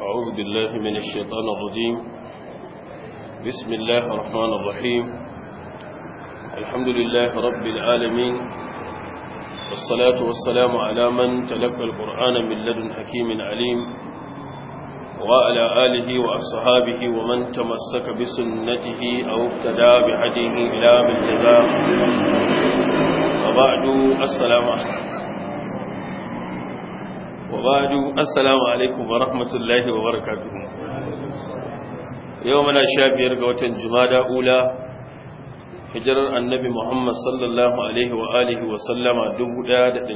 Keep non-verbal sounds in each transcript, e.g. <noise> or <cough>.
أعوذ بالله من الشيطان الرجيم بسم الله الرحمن الرحيم الحمد لله رب العالمين والصلاة والسلام على من تلقى القرآن من لدن حكيم عليم وعلى آله وأصحابه ومن تمسك بسنته أو افتدى بهديه إلى من جزاه وبعد السلام عليكم وبعد السلام عليكم ورحمة الله وبركاته يومنا شابير قوة جمادة أولى hijirar annabi Muhammad sallallahu Alaihi wa alihi wa sallama 1438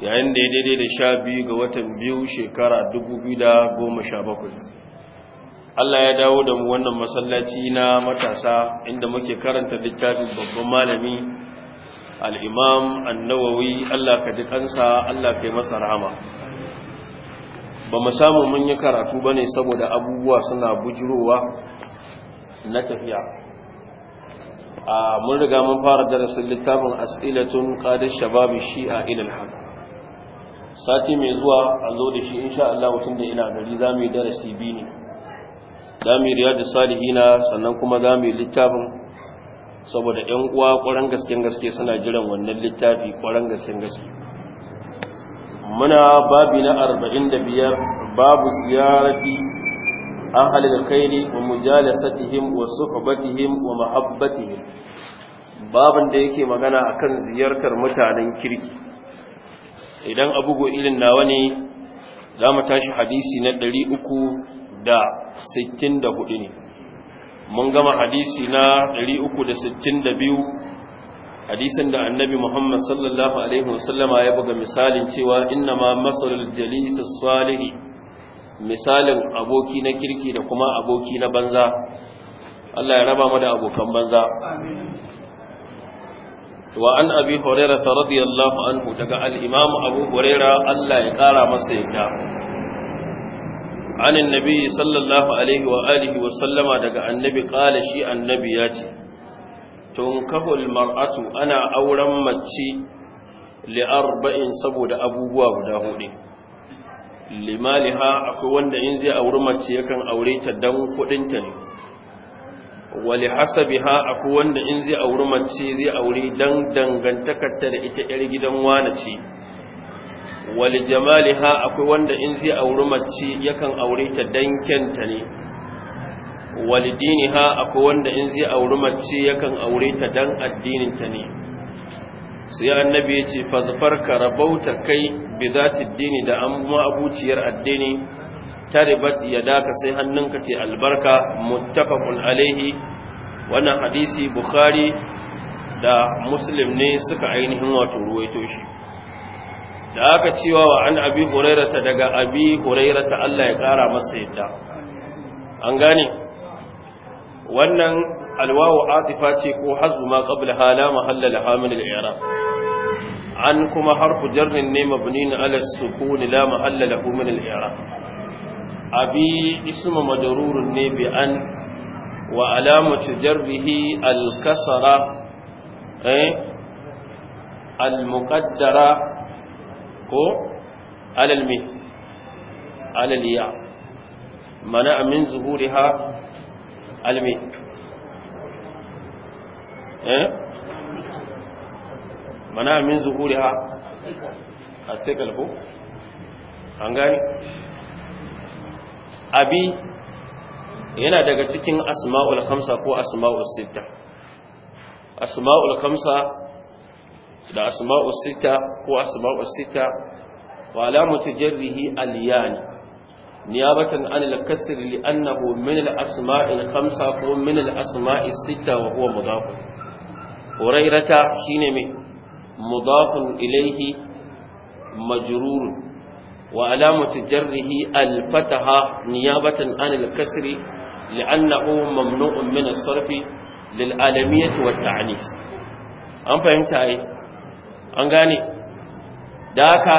yayin da ya daidai da sha biyu ga watan biyu shekara 2017 Allah ya dawo da mu wannan masallaci na matasa inda muke karanta littafin babban malami al'imam annawawi Allah ka ji kansa Allah ka yi masa rahama ba mu samu mun yi karatu ba ne saboda abubuwa suna bujirowa na tafiya a mun riga mun fara darasin littafin as'ilatun kadis shababi shi'a ilil al sati mai zuwa a zo da shi insha Allah mutum da ina gari zamu yi darasi bi ne zamu yi salihi salihina sannan kuma zamu yi littafin saboda 'yan uwa ƙwaron gasken gaske suna jiran wannan littafi ƙwaron gasken gaske muna babi na arba'in da biyar babu ziyarati an halil kaini wa satihim wa suhbatihim wa mahabbatihim babin da yake magana a kan ziyartar mutanen kirki idan bugu irin nawa ne za mu tashi hadisi na ɗari uku da sittin da ne mun gama hadisi na 362 hadisin da annabi Muhammad sallallahu alaihi wasallama ya buga misalin cewa inna ma masalul jalis salih misalin aboki na kirki da kuma aboki na banza Allah ya raba mu da abokan banza wa an abi hurairah radiyallahu anhu daga al-imam abu horera Allah ya kara masa yadda عن النبي صلى الله عليه وآله وسلم دقى النبي قال شيء النبي ياتي تنكه المرأة أنا أولا متي لأربع سبود أبوبوا بداهوني limaliha akwai wanda in zai auri mace yakan aure ta dan kudinta ne wali hasabiha akwai wanda in zai auri mace zai aure dan dangantakarta da ita yar gidan wani wal jamaliha akwai wanda in zai auri mace yakan aure ta dankenta ne wal diniha akwai wanda in zai auri mace yakan aure ta dan addinin ta ne sai annabi ya ce fazfarka rabauta kai bi zati dini da an abuciyar addini taribat yadaka sai hannunka ce albarka muttafaqun alaihi wannan hadisi bukhari da muslim ne suka ainihin wato ruwaito shi da aka cewa wa an abi hurairata daga abi hurairata Allah ya kara masa yadda an gane wannan alwawu atifa ce ko hazbu ma qabla hala mahalla la hamil al i'rab an kuma harfu jarrin ne mabni ala sukun la mahalla lahu min al i'rab abi ismu majrurun ne bi an wa alamatu jarrihi al kasra eh al muqaddara ko alal me alal ya mana ha zuhuriha alme eh mana ha, zuhuriha asikal ko an gani abi yana daga cikin asma'ul khamsa ko asma'ul sitta asma'ul khamsa da asma'u sita ko asma'u sita wa alamatu jarrihi aliyani niyabatan an al-kasr li annahu min al-asma'i al-khamsa ko min al-asma'i sita wa huwa mudaf hurairata shine me mudaf ilayhi majrur wa alamatu jarrihi al-fataha niyabatan an al-kasr لأنه ممنوع من الصرف للعالمية والتعنيس an fahimta ai an gane da haka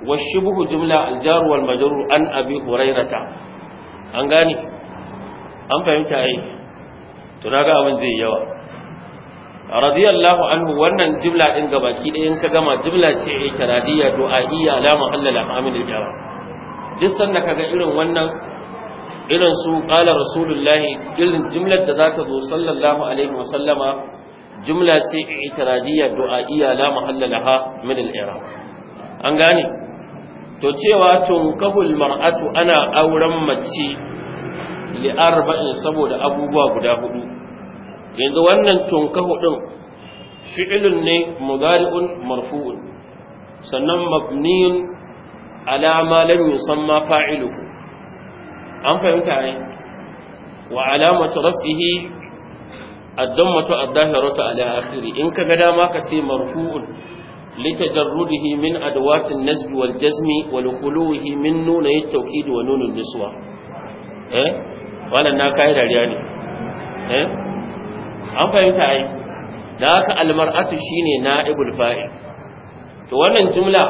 والشبه jimla, الجار والمجرور an abi hurairata. an gane an fahimta ai to naga abin zai yawa radiyallahu anhu wannan jimla din baki ɗaya in ka gama jimla ce ai taradiya iya la mahallala amin al-jawa duk sanda kaga irin wannan irin su qala rasulullahi irin jimlar da za ta zo sallallahu alaihi wa sallama jumla ce i'tiradiyya du'a'iyya la mahalla laha min al-i'rab an gane to cewa tun qabul mar'atu ana auren mace li arba'in saboda abubuwa guda hudu yanzu wannan tun ka din fi'lun ne mudari'un marfu'un sannan mabniyun ala ma lam yusamma fa'iluhu an fahimta ne wa alamatu rafihi ad-dammatu ad-dahiratu ala akhiri in kaga dama ka ce marfu'un litajarrudihi min adawati an-nasb wal jazmi wal quluhi min nun at-tawkid wa nun an-niswa eh wannan na kai dariya ne eh an fahimta ai da haka al-mar'atu shine na'ibul fa'il to wannan jumla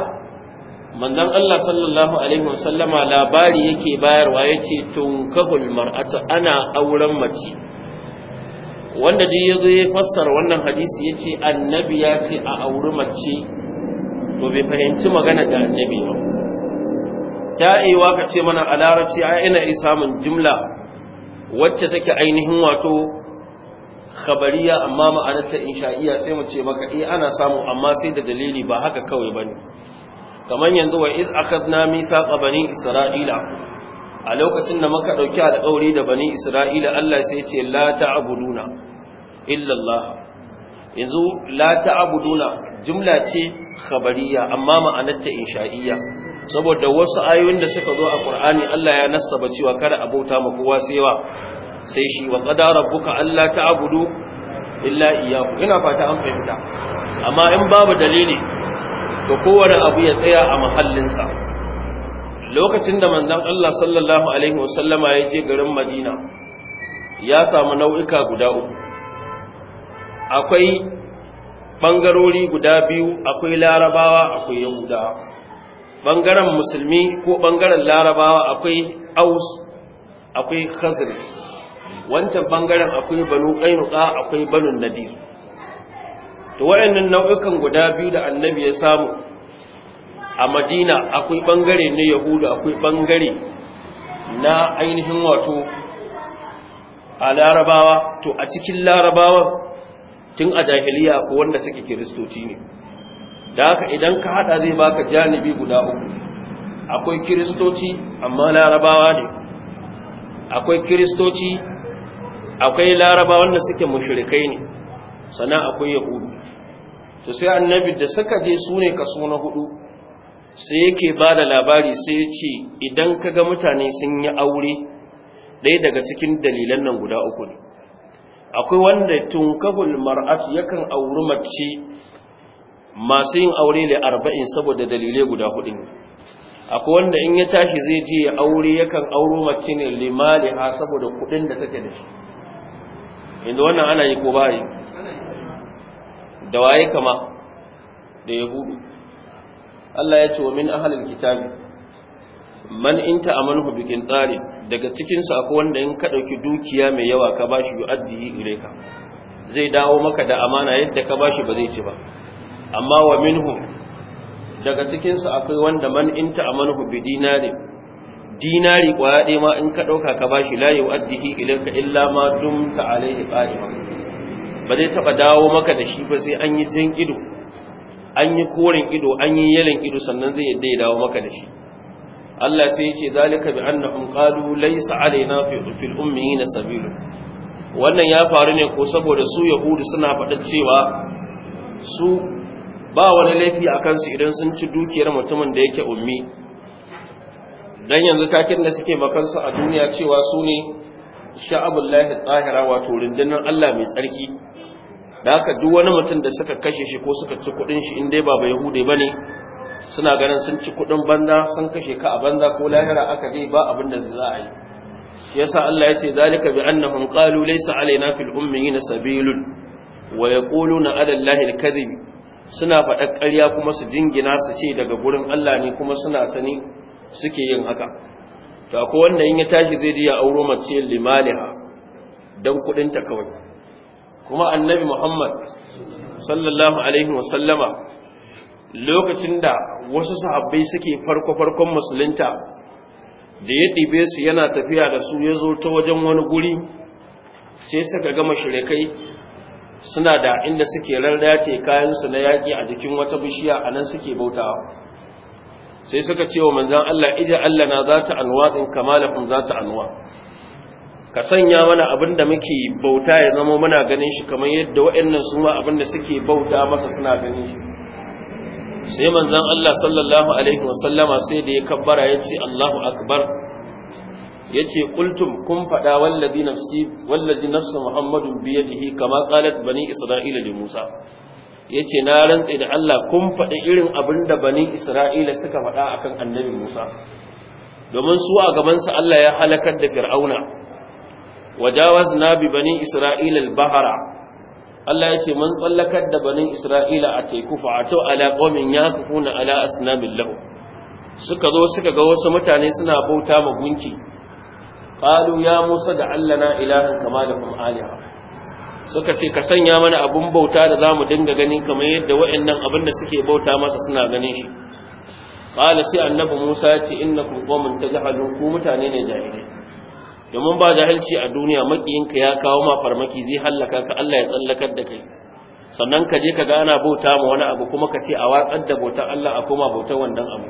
manzon Allah sallallahu alaihi wasallama labari yake bayarwa yace tunkahul mar'atu ana auren mace wanda dai ya zo ya fassara wannan hadisi ya ce annabi ya ce a auri mace to bai fahimci magana da annabi ba ta iya ka ce mana a larabci a ina iya samun jimla wacce take ainihin wato khabariya amma ma'anarta sha'iya sai mu ce maka eh ana samu amma sai da dalili ba haka kawai ne. kamar yanzu wa iz akhadna mithaqa bani isra'ila a lokacin da muka ɗauki alƙawari da bani isra'ila Allah sai ce la ta'buduna illa yanzu la ta'buduna jumla ce khabariya amma ma'anarta insha'iyya saboda wasu ayoyin da suka zo a Kur'ani, Allah ya nasaba cewa kada abota ma kowa sai wa sai shi wa qada rabbuka alla ta'budu illa iyyahu ina fata an fahimta amma in babu dalili to kowane abu ya tsaya a mahallinsa lokacin da manzan Allah sallallahu alaihi wasallama ya je garin Madina ya samu nau'ika guda uku akwai bangarori guda biyu akwai larabawa akwai yahudawa bangaren musulmi ko bangaren larabawa akwai aus akwai khazir wancan bangaren akwai banu qainuqa akwai banu nadir to wayannan nau'ikan guda biyu da annabi ya samu a madina akwai bangare na yahudu akwai bangare na ainihin wato a larabawa to a cikin larabawa tun a jahiliya ko wanda suke kiristoci ne da haka idan ka hada zai baka janibi guda uku akwai kiristoci amma larabawa ne akwai kiristoci akwai larabawa wanda suke mushrikai ne sannan akwai yahudu to sai annabi da suka je sune ne kaso na hudu sai yake ba da labari sai ya ce idan ka ga mutane sun yi aure ɗaya daga cikin dalilan nan guda uku ne akwai wanda tun kahul mar'atu yakan auri mace masu yin aure da arba'in saboda dalilai guda hudu ne akwai wanda in ya tashi zai je ya aure yakan auri mace ne limaliha saboda kudin da take da shi inda wannan ana yi ko ba da waye kama da ya hudu Allah ya ce wa min ahlil kitabi man inta amanhu bi qintari daga cikin su akwai wanda in ka dauki dukiya mai yawa ka bashi yu'addi ilayka zai dawo maka da amana yadda ka bashi ba zai ci ba amma wa minhum daga cikin su akwai wanda man inta amanhu bi dinari dinari kwaya ma in ka dauka ka bashi la yu'addi ilayka illa ma dumta alaihi qa'ima ba zai taba dawo maka da shi ba sai an yi jin ido an yi koren ido an yi yalen ido sannan zai yadda ya dawo maka da shi Allah sai ya ce zalika bi annahum qalu laysa alaina fi fil ummiina sabil wannan ya faru ne ko saboda su yahudu suna faɗa cewa su ba wani laifi a kansu idan sun ci dukiyar mutumin da yake ummi dan yanzu takin da suke makansu a duniya cewa su ne sha'abullahi tsahira wato rundunar Allah mai tsarki da haka duk wani mutum da suka kashe shi ko suka ci kudin shi in dai ba yahude ne suna ganin sun ci kudin banza sun kashe ka a banza ko lahira aka dai ba abin da za a yi shi yasa Allah ya ce zalika bi annahum qalu laysa alaina fil ummiyin sabilun wa yaquluna ala allahi al-kadhib suna faɗa ƙarya kuma su jingina su ce daga gurin Allah ne kuma suna sani suke yin haka to akwai wanda in ya tashi zai ji ya auro mace limaliha dan kudin ta kawai kuma annabi muhammad sallallahu alaihi wasallama lokacin da wasu sahabbai suke farko-farkon musulunta da ya ɗibe su yana tafiya da su ya zo ta wajen wani guri sai suka gama shirikai suna da inda suke rarrace kayansu na yaƙi a jikin wata bishiya a nan suke bautawa sai suka ce wa manzan Allah ija Allah na za ta anwa ɗin kamalafin za ta anwa ka sanya mana abin da muke bauta ya zama muna ganin shi kamar yadda waɗannan su ma abin da suke bauta masa suna ganin shi sai manzon Allah sallallahu alaihi wasallama sai da ya kabbara ya ce Allahu akbar ya ce kultum kun faɗa wallazi nafsi wallazi nafsu muhammadun biyadihi kama qalat bani isra'ila li musa ya ce na rantse da Allah kun faɗi irin abin da bani isra'ila suka faɗa akan annabi musa domin su a gabansa Allah ya halakar da fir'auna wajawazna bi bani isra'ila al-bahra Allah yace mun tsallakar da bani isra'ila a teku fa ato ala qawmin yakufuna ala asnabil lahu suka zo suka ga wasu mutane suna bauta ma gunki qalu ya musa da allana ilahan kama da kuma aliha suka ce ka sanya mana abun bauta da zamu dinga gani kamar yadda waɗannan abin da suke bauta masa suna ganin shi qala sai annabi musa ya ce innakum qawmun tajhalun ku mutane ne jahilai domin ba jahilci a duniya makiyinka ya kawo ma farmaki zai hallaka ka Allah ya tsallakar da kai sannan ka je ka ga ana bauta ma wani abu kuma ka ce a watsar da bautar Allah a koma bautar wannan abu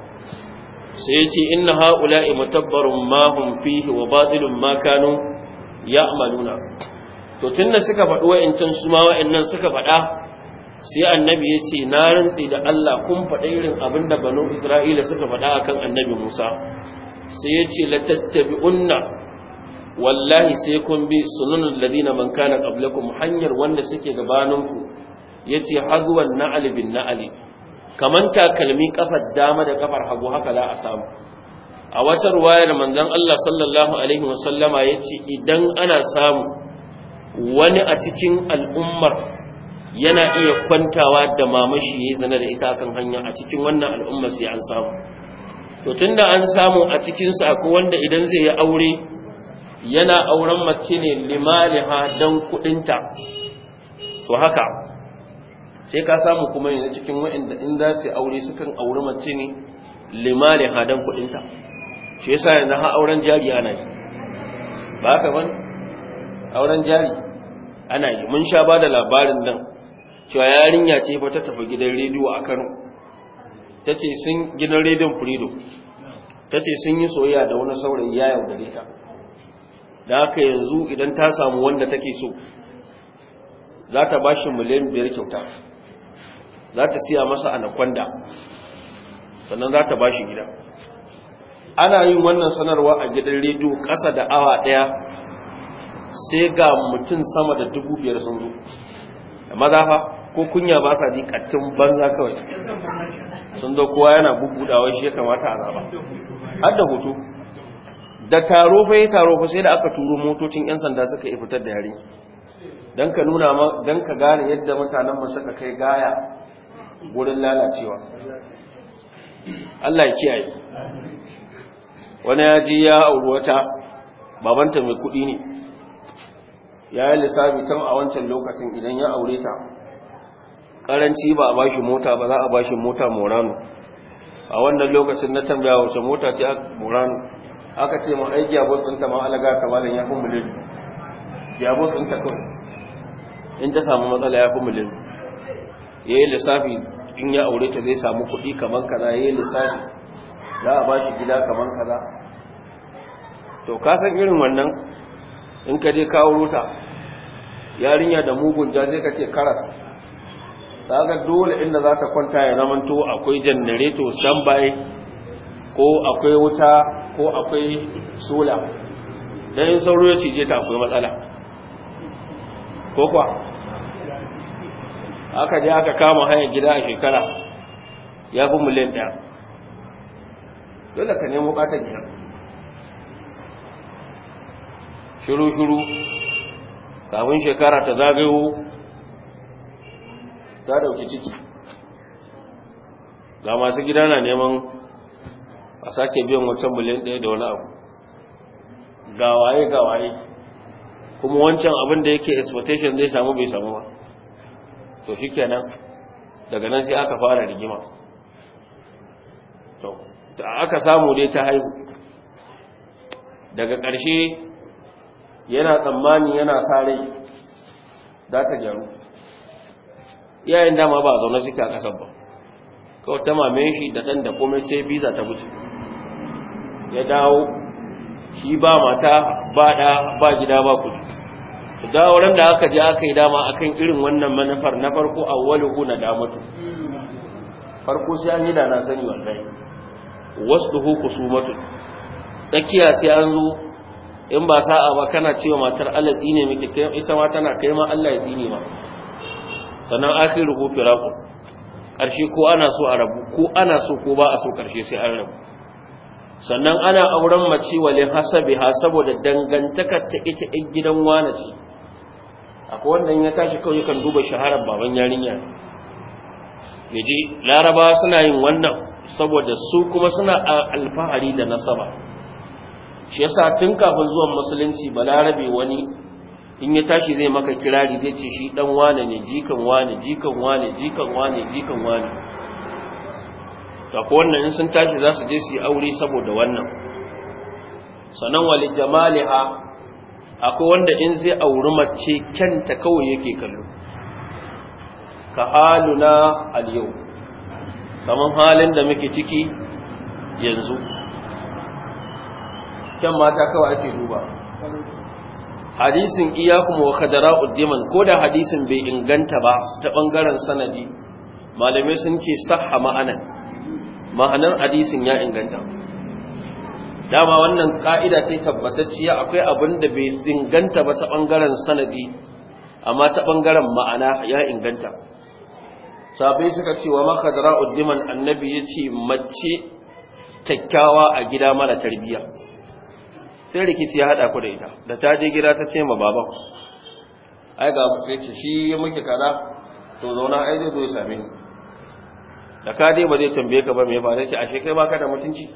sai ya ce inna ha'ula'i mutabbarun ma hum fihi wa batilun ma kanu ya'maluna to tunda suka faɗi wa'incan su ma wa'annan suka faɗa sai annabi ya ce na rantsi da Allah kun faɗa irin abinda da banu Isra'ila suka faɗa akan annabi Musa sai ya ce tattabi'unna wallahi sai kun bi sunanul ladina man kana qablakum hanyar wanda suke gabaninku yace hazwan na'al bin na'al kaman takalmi kafar dama da kafar hagu haka za a samu a wata ruwayar manzon Allah sallallahu alaihi wasallama yace idan ana samu wani a cikin al'ummar yana iya kwantawa da mamashi yayin zana da ita kan hanya a cikin wannan al'ummar sai an samu to tunda an samu a cikin sa akwai wanda idan zai yi aure yana auren mace ne limaliha don kudinta to haka sai ka samu kuma yanzu cikin wa'inda in za su aure sukan auri mace ne limaliha don kudinta shi yasa yanzu ha auren jari ana yi ba ka ban auren jari ana yi mun sha ba da labarin nan cewa yarinya ce fa ta tafi gidan rediyo a Kano ta ce sun gidan rediyon frido ta ce sun yi soyayya da wani saurayi ya yaudare ta da haka yanzu idan ta samu wanda take so za ta ba shi miliyan biyar kyauta za ta siya masa anakwanda sannan za ta ba shi gida ana yin wannan sanarwa a gidan rediyo ƙasa da awa ɗaya sai ga mutum sama da dubu biyar sun zo da mazafa ko kunya ba sa ji ƙattun banza kawai sun zo kowa yana bubuɗawa shi ya kamata a zaba har da hoto da taro fa yi taro fa sai da aka turo motocin 'yan sanda suka yi fitar da yare don ka nuna don ka gane yadda mutanen mu suka kai gaya wurin lalacewa Allah ya kiyaye wani ya ji ya auri wata babanta mai kuɗi ne ya yi lissafi tun a wancan lokacin idan ya aure ta karanci ba a bashi mota ba za a bashi mota morano a wannan lokacin na tambaya wace mota ce a morano aka ce ma aiki yabo tsinta ma alaga ta malam ya fi miliyan yabo ta kawai in ta samu matsala ya fi miliyan ya yi lissafi in ya aure ta zai samu kuɗi kamar kaza ya yi lissafi za a ba shi gida kamar kaza to ka san irin wannan in ka je kawo ruta, yarinya da mugun ja sai ka ce karas ta ga dole inda za ta kwanta ya zamanto akwai janareto standby ko akwai wuta ko akwai sula don yin sauro ya cije ta akwai matsala ko kwa aka je aka kama hanyar gida a shekara ya fi miliyan ɗaya dole ka nemo ƙaton gida shiru-shiru kamun shekara ta zagayo ta ɗauki ciki ga masu gida na neman a sake biyan wancan miliyan ɗaya da wani abu gawaye gawaye kuma wancan abin da yake expectation zai samu bai samu ba to shi kenan daga nan sai aka fara rigima to aka samu dai ta haihu daga ƙarshe yana tsammani yana sa rai za ta gyaru iyayen dama ba zaune suke a ƙasar ba kawai ta mame shi da ɗan da komai sai biza ta wuce ya dawo shi ba mata ba da ba gida ba kuɗi su dawo ran da aka je aka yi dama akan irin wannan manufar na farko awwaluhu na damatu farko sai an yi da na sani wallahi wasduhu kusumatu tsakiya sai an zo in ba sa'a ba kana cewa matar Allah dine miki kai ita ma tana kai ma Allah ya dine ma sannan akhiru firaqu karshe ko ana so a rabu ko ana so ko ba a so karshe sai an rabu sannan ana auren mace wale ha saboda dangantakar ta ita ɗin gidan wane ce akwai wanda ya tashi kawai kan duba shaharar baban yarinya ya ji laraba suna yin wannan saboda su kuma suna alfahari da nasaba shi yasa tun kafin zuwan musulunci balarabe wani in ya tashi zai maka kirari zai ce shi dan wane ne jikan wane jikan wane jikan wane jikan wane ta ko wannan in sun tashi za su je su yi aure saboda wannan sannan wali jamaliha akwai wanda in zai auri mace kyanta kawai yake kallo ka haluna al-yau kamar halin da muke ciki yanzu kyan mata kawai ake duba hadisin iyakum wa kadara uddiman ko da hadisin bai inganta ba ta bangaren sanadi malamai sun ce sahha ma'anan ma'anar hadisin ya inganta dama wannan ka'ida ce tabbatacciya akwai abin da bai inganta ba ta bangaren sanadi amma ta bangaren ma'ana ya inganta sabai suka ce wa maka zara uddiman annabi ya ce mace kyakkyawa a gida mara tarbiyya sai rikici ya haɗa ku da ita da ta je gida ta ce ma baban ai ga ce shi muke kaza to zauna ai zai zo ya same ni da ka dai ba zai tambaye ka ba mai ba zai ce ashe kai baka da mutunci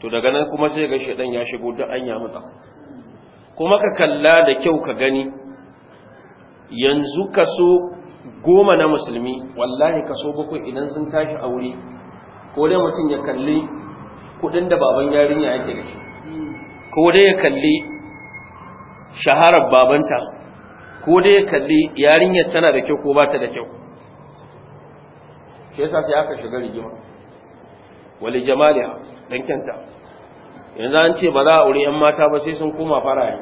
to daga nan kuma sai ga shedan ya shigo duk an ya mutsa kuma ka kalla da kyau ka gani yanzu kaso goma na musulmi wallahi kaso bakwai idan sun tashi aure ko dai mutum ya kalli kudin da baban yarinya yake da shi ko dai ya kalli shaharar babanta ko dai ya kalli yarinyar tana da kyau ko ba ta da kyau shi yasa sai aka shiga rigima wali jamaliha dan kyanta yanzu an ce ba za a aure yan mata ba sai sun koma faraye.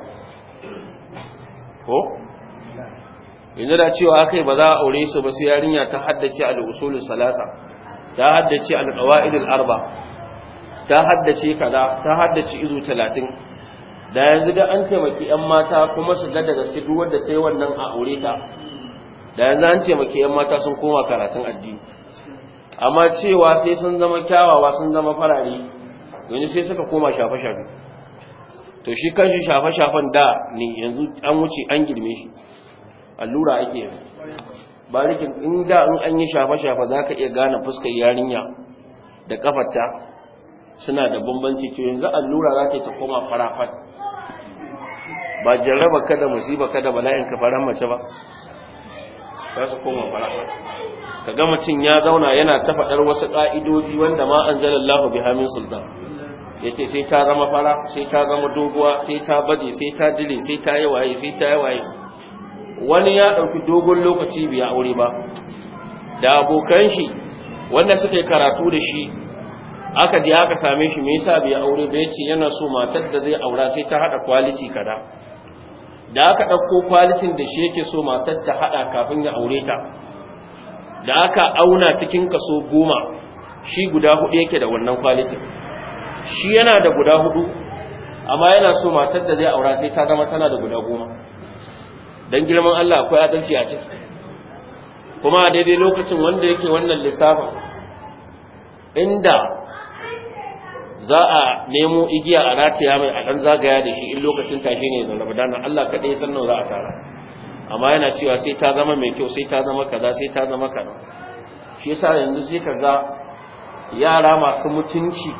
ko yanzu da cewa akai ba za a aure su ba sai yarinya ta haddace al-usul salasa ta haddace al-qawaid al-arba ta haddace kaza ta haddace izu 30 da yanzu da an taimaki yan mata kuma su gada gaske duk wanda ta yi wannan a aure ta da yanzu an taimaki yan mata sun koma karatun addini amma cewa sai sun zama kyawawa sun zama farare yanzu sai suka koma shafe-shafe to shi kanshi shafe-shafen da ne yanzu an wuce an girme shi allura ake yanzu barikin in da in an yi shafe-shafe za ka iya gane fuskar yarinya da kafarta suna da bambanci to yanzu allura za ta koma farafat ba jarraba kada musiba kada bala'in ka faran mace ba za su koma Ka kaga mutum ya zauna yana ta faɗar wasu ƙa'idoji wanda ma an anzalallahu biha min sultan ce sai ta zama fara sai ta zama doguwa sai ta baje sai ta dile sai ta yi waye sai ta yi waye wani ya ɗauki dogon lokaci bai aure ba da abokan shi wanda suka yi karatu da shi aka je aka same shi me yasa bai aure ba ce, yana so matar da zai aura sai ta haɗa kwaliti kada da aka ɗauko kwalitin da shi yake so matar ta haɗa kafin ya aure ta da aka auna cikin kaso goma shi guda hudu yake da wannan kwalitin shi yana da guda hudu amma yana so matar da zai aura sai ta zama tana da guda goma don girman Allah akwai adalci a ciki kuma a daidai lokacin wanda yake wannan lissafin inda za a nemo igiya a rataya mai a ɗan zagaya da shi in lokacin tashi ne da ramadana Allah kaɗai san nawa za a tara amma yana cewa sai ta zama mai kyau sai ta zama kaza sai ta zama kaza shi yasa yanzu sai ka ga yara masu mutunci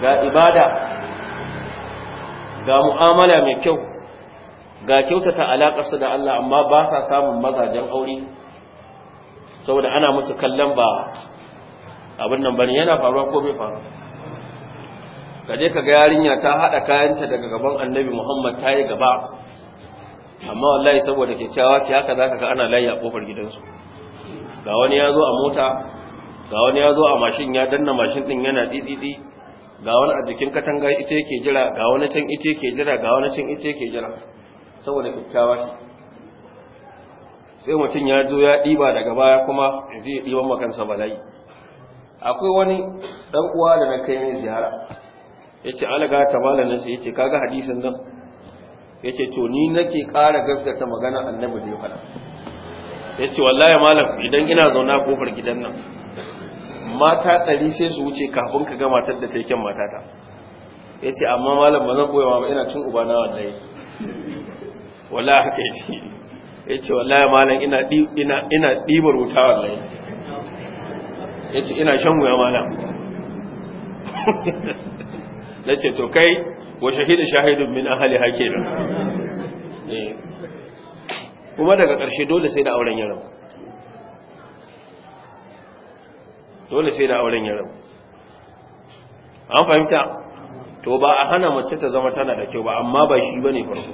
ga ibada ga mu'amala mai kyau ga kyautata su da Allah amma ba sa samun mazajen aure saboda ana musu kallon ba abin nan bane yana faruwa ko bai faru ka je ka ga yarinya ta hada kayanta daga gaban annabi Muhammad ta yi gaba amma wallahi saboda kyakkyawa ki haka zaka ga ana layi a kofar gidansu ga wani ya zo a mota ga wani ya zo a mashin ya danna mashin din yana dididi ga wani a jikin katanga ita yake jira ga wani can ita yake jira ga wani can ita yake jira saboda kyakkyawa sai mutum ya zo ya ɗiba daga baya kuma zai ɗiban makansa bala'i akwai wani dan uwa da na kai mai ziyara yace alaga ta malamin sai yace kaga hadisin nan yace to ni nake ƙara gaggata magana annabi da ya fara yace wallahi malam idan ina zauna kofar gidan nan mata ɗari sai su wuce kafin ka gama matar da ta yi kyan matata yace amma malam ba zan koyawa ba ina cin uba na wallahi wallahi haka yace yace wallahi malam ina ina ina dibar wuta wallahi ya ce ina shan wuya malam na ce to kai wa shahidu shahidu min hali hake nan eh. kuma daga ƙarshe dole sai da auren yaron dole sai da auren yaron an fahimta to ba a hana mace ta zama tana da kyau ba amma ba shi ba ne farko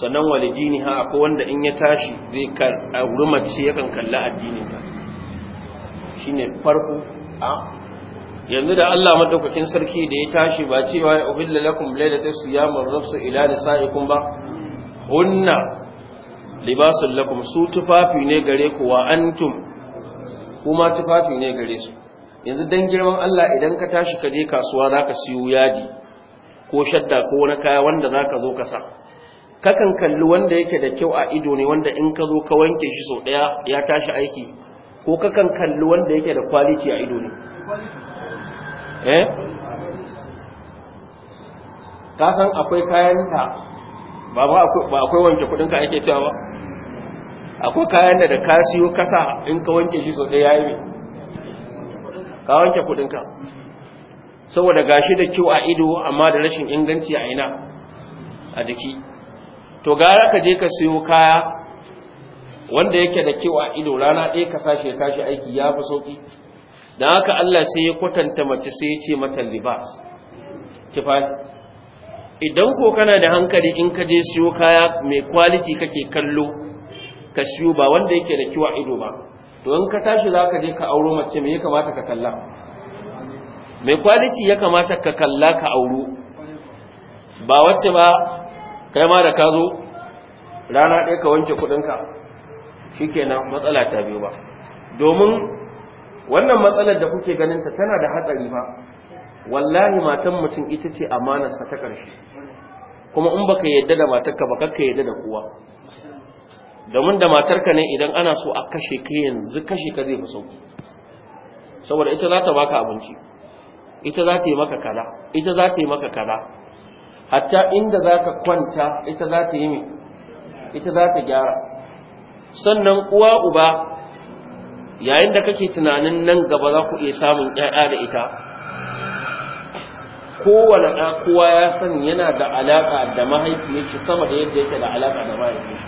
sannan walidini ha akwai wanda in ya tashi zai kar wuri mace yakan kalla addinin ta shine farko a yanzu da Allah madaukakin sarki da ya tashi ba cewa ya uhilla lakum laylata siyamar rafsu ila nisaikum ba hunna libasul lakum su tufafi ne gare ku wa antum kuma tufafi ne gare su yanzu dan girman Allah idan ka tashi ka je kasuwa zaka siyo yadi ko shadda ko wani kaya wanda zaka zo ka sa kakan kalli wanda yake da kyau a ido ne wanda in ka zo ka wanke shi sau daya ya tashi aiki ko kakan kalli wanda yake da kwaliti a ido ne eh ka san akwai kayanka ba ba akwai wanke kudinka ake cewa akwai kayan da ka siyo kasa in ka wanke shi so ɗaya yayi ka wanke kudinka saboda gashi da kyau a ido amma da rashin inganci a ina a jiki to gara ka je ka siyo kaya wanda yake da kewa ido rana ɗaya ka sashe ya tashi aiki ya fi sauki don haka Allah sai ya kwatanta mace sai ya ce mata libas kifai idan ko kana da hankali in ka je siyo kaya mai kwaliti kake kallo ka siyo ba wanda yake da kewa ido ba to in ka tashi za ka je ka auro mace mai ya kamata ka kalla mai kwaliti ya kamata ka kalla ka auro ba wacce ba kai ma da ka zo rana ɗaya ka wanke kuɗinka shikenan matsala ta biyu ba domin wannan matsalar da kuke ganin ta tana da hatsari ba wallahi matan mutum ita ce amanarsa ta ƙarshe kuma in baka yadda da matarka ba kakka yadda da kowa domin da matarka ne idan ana so a kashe ka yanzu kashe ka zai fi sauki saboda ita za ta baka abinci ita za ta yi maka kaza ita za ta yi maka kaza hatta inda za ka kwanta ita za ta yi ita za ta gyara sannan uwa uba yayin da kake tunanin nan gaba za ku iya samun ƴaƴa da ita kowane ɗa kowa ya sani yana da alaƙa da mahaifiyar shi sama da yadda yake da alaƙa da mahaifiyar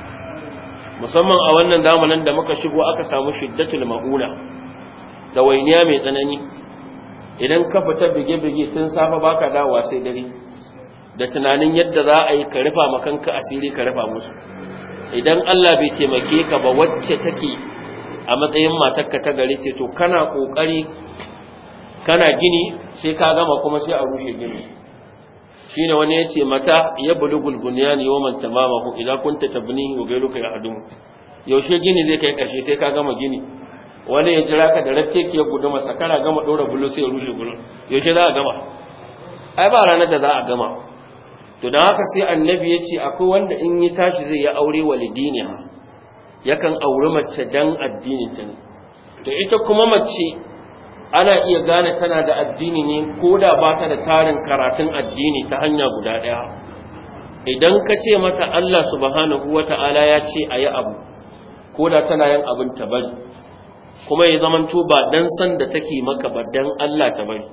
musamman a wannan zamanin da muka shigo aka samu shiddatul ma'ula da wainiya mai tsanani idan ka fita bige-bige sun safa baka dawo sai dare da tunanin yadda za a yi ka rufa makanka asiri ka rufa musu idan Allah bai taimake ka ba wacce take a matsayin matarka ta gari ce to kana kokari kana gini sai ka gama kuma sai a rushe gini shine wani ya ce mata ya bulu gulguniya ne yawan tamama ku idan kunta tabni wa gairuka ya adum yaushe gini zai kai karshe sai ka gama gini wani ya jira ka da rafke ke masa sakara gama dora bulu sai ya rushe gulu yaushe za a gama ai ba ranar da za a gama to da haka sai annabi ya ce akwai wanda in yi tashi zai yi aure ha, yakan auri mace dan addinin ta to ita kuma mace ana iya gane tana da addini ne ko da ba ta da tarin karatun addini ta hanya guda ɗaya idan ka ce mata Allah subhanahu Ta'ala ya ce a yi abu ko da tana yin abin ta bari kuma ya zamanto ba dan san da take maka ba dan Allah ta bari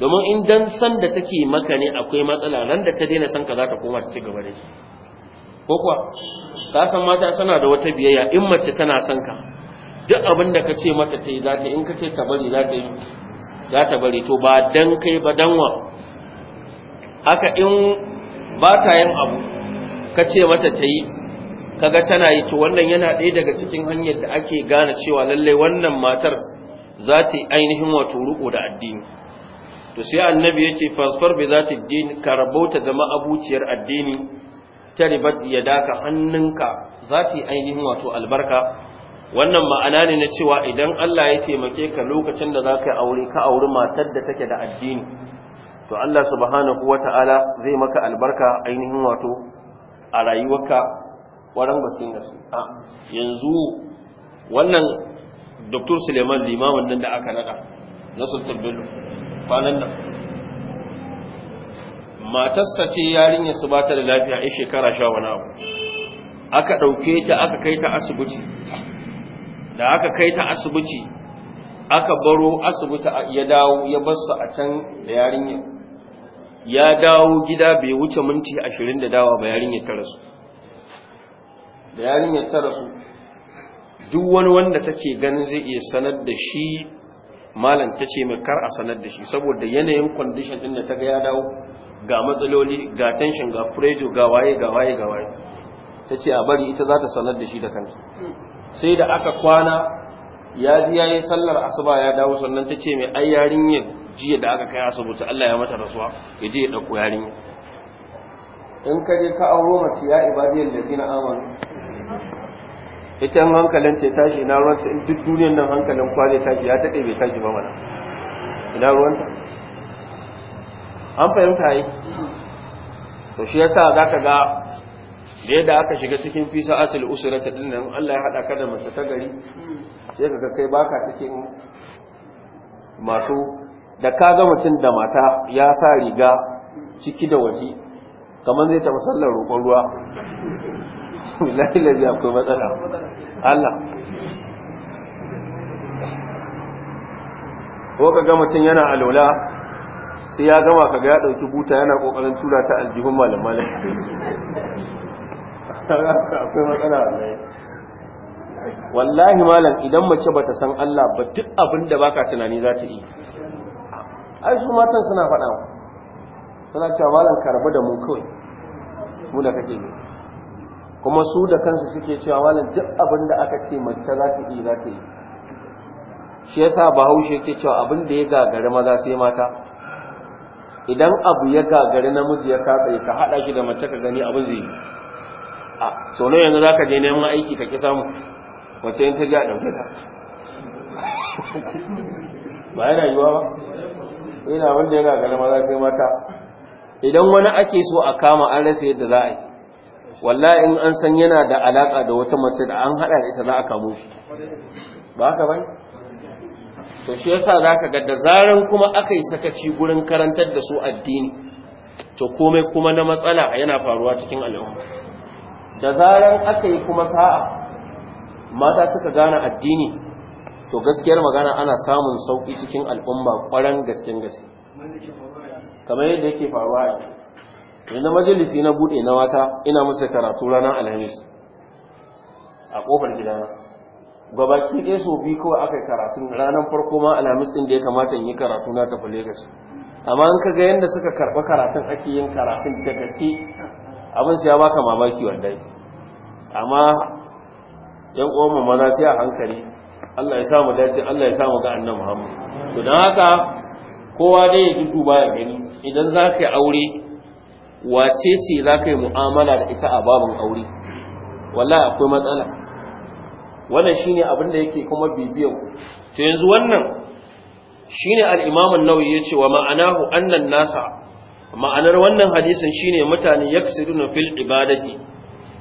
domin in dan san da take maka ne akwai matsala nan da ta daina san ka za ta koma ta ci gaba da shi ko kuwa ka san mata suna da wata biyayya in mace tana san ka duk abin da ka ce mata ta yi za ta in ka ce ka bari za ta yi za ta bari to ba dan kai ba dan wa haka in ba ta yin abu ka ce mata ta yi kaga tana yi to wannan yana ɗaya daga cikin hanyar da ake gane cewa lallai wannan matar za ta yi ainihin wato ruko da addini to sai annabi yace fasfar bi zati din ka rabauta da ma'abuciyar addini ta yadaka hannunka zati ainihin wato albarka wannan ma'ana ne na cewa idan Allah ya taimake ka lokacin da zaka yi aure ka auri matar da take da addini to Allah subhanahu wata'ala zai maka albarka ainihin wato a rayuwarka waran basin da su yanzu wannan Dr. Suleiman limamin nan da aka naɗa na Sultan Bello kwanan nan matarsa ce yarinyar su bata da lafiya a shekara sha wani abu aka ɗauke ta aka kai ta asibiti da aka kai ta asibiti aka baro asibiti ya dawo ya basu a can da yarinyar ya dawo gida bai wuce minti ashirin da dawa ba yarinyar ta rasu da yarinyar ta rasu duk wani wanda take ganin zai iya sanar da shi malam ta ce mai kar a sanar da shi saboda yanayin kwandishin din da ta ga ya dawo ga matsaloli ga tension ga furejo, ga waye ga waye ga waye ta ce a bari ita za ta sanar da shi da kanta sai da aka kwana ya ji ya yi sallar asuba ya dawo sannan ta ce mai ai yarinyar jiya da aka kai asibiti Allah ya mata rasuwa ya je ya ɗauko yarinyar in ka je ka auro mace ya ibadiyar da amanu ita hankalin ce tashi ina ruwan in duk duniyar nan hankalin kwale tashi ya daɗe bai tashi ba mana ina ruwan ta? an fahimta yi to shi yasa za ka ga da yadda aka shiga cikin fisa atil usrata din nan Allah ya haɗa ka da mace ta gari sai ka ga kai baka cikin masu da ka ga mutum da mata ya sa riga ciki da waje kamar zai ta sallar roƙon ruwa billahi <laughs> lafiya akwai matsala Allah ko ka ga mutum yana alola sai ya gama ka ga ya ɗauki buta yana ƙoƙarin tura ta aljihun malamalin akwai matsala wallahi malam idan mace bata san Allah ba duk abin da baka tunani za ta yi ai su matan suna faɗa suna cewa malam karbu da mu kawai mu da kake ne kuma su da kansu suke cewa wannan duk abin da aka ce mace za ta yi za ta yi shi yasa bahaushe yake cewa abin da ya gagari maza sai mata idan abu ya gagari namiji ya tsaye ka hada shi da mace ka gani abin zai yi a sau nawa yanzu zaka je neman aiki ka ki samu mace in ta ji a dauke ta ba yana yiwa ba ina wanda ya gagari maza sai mata idan wani ake so a kama an rasa yadda za a yi wallahi in an san yana da alaka da wata mace da an hada da ita za a kamo shi ba haka bane to shi yasa zaka ga da zaran kuma akai sakaci gurin karantar da su addini to komai kuma na matsala yana faruwa cikin al'umma da zaran akai kuma sa'a mata suka gane addini to gaskiyar magana ana samun sauki cikin al'umma kwaran gaske gaske kamar yadda yake faruwa na majalisi na bude na wata ina musa karatu ranar alhamis a kofar gidana gabaki ɗaya so bi kawai aka yi karatu ranar farko ma alhamis ɗin da ya kamata in yi karatu na tafi lagos amma in ka ga yadda suka karɓa karatun ake yin karatun da gaske abin su ya baka mamaki wanda. amma yan uwan mana sai a hankali Allah ya samu dace Allah ya samu ga annabi Muhammad to dan haka kowa dai ya duba ya gani idan za ka yi aure wace ce za ka yi mu'amala da ita a babin aure Wala akwai matsala wannan shine abin da yake kuma bibiyar to yanzu wannan shine al-Imam an-Nawawi yace wa ma'anahu annan nasa ma'anar wannan hadisin shine mutane yaksiruna fil ibadati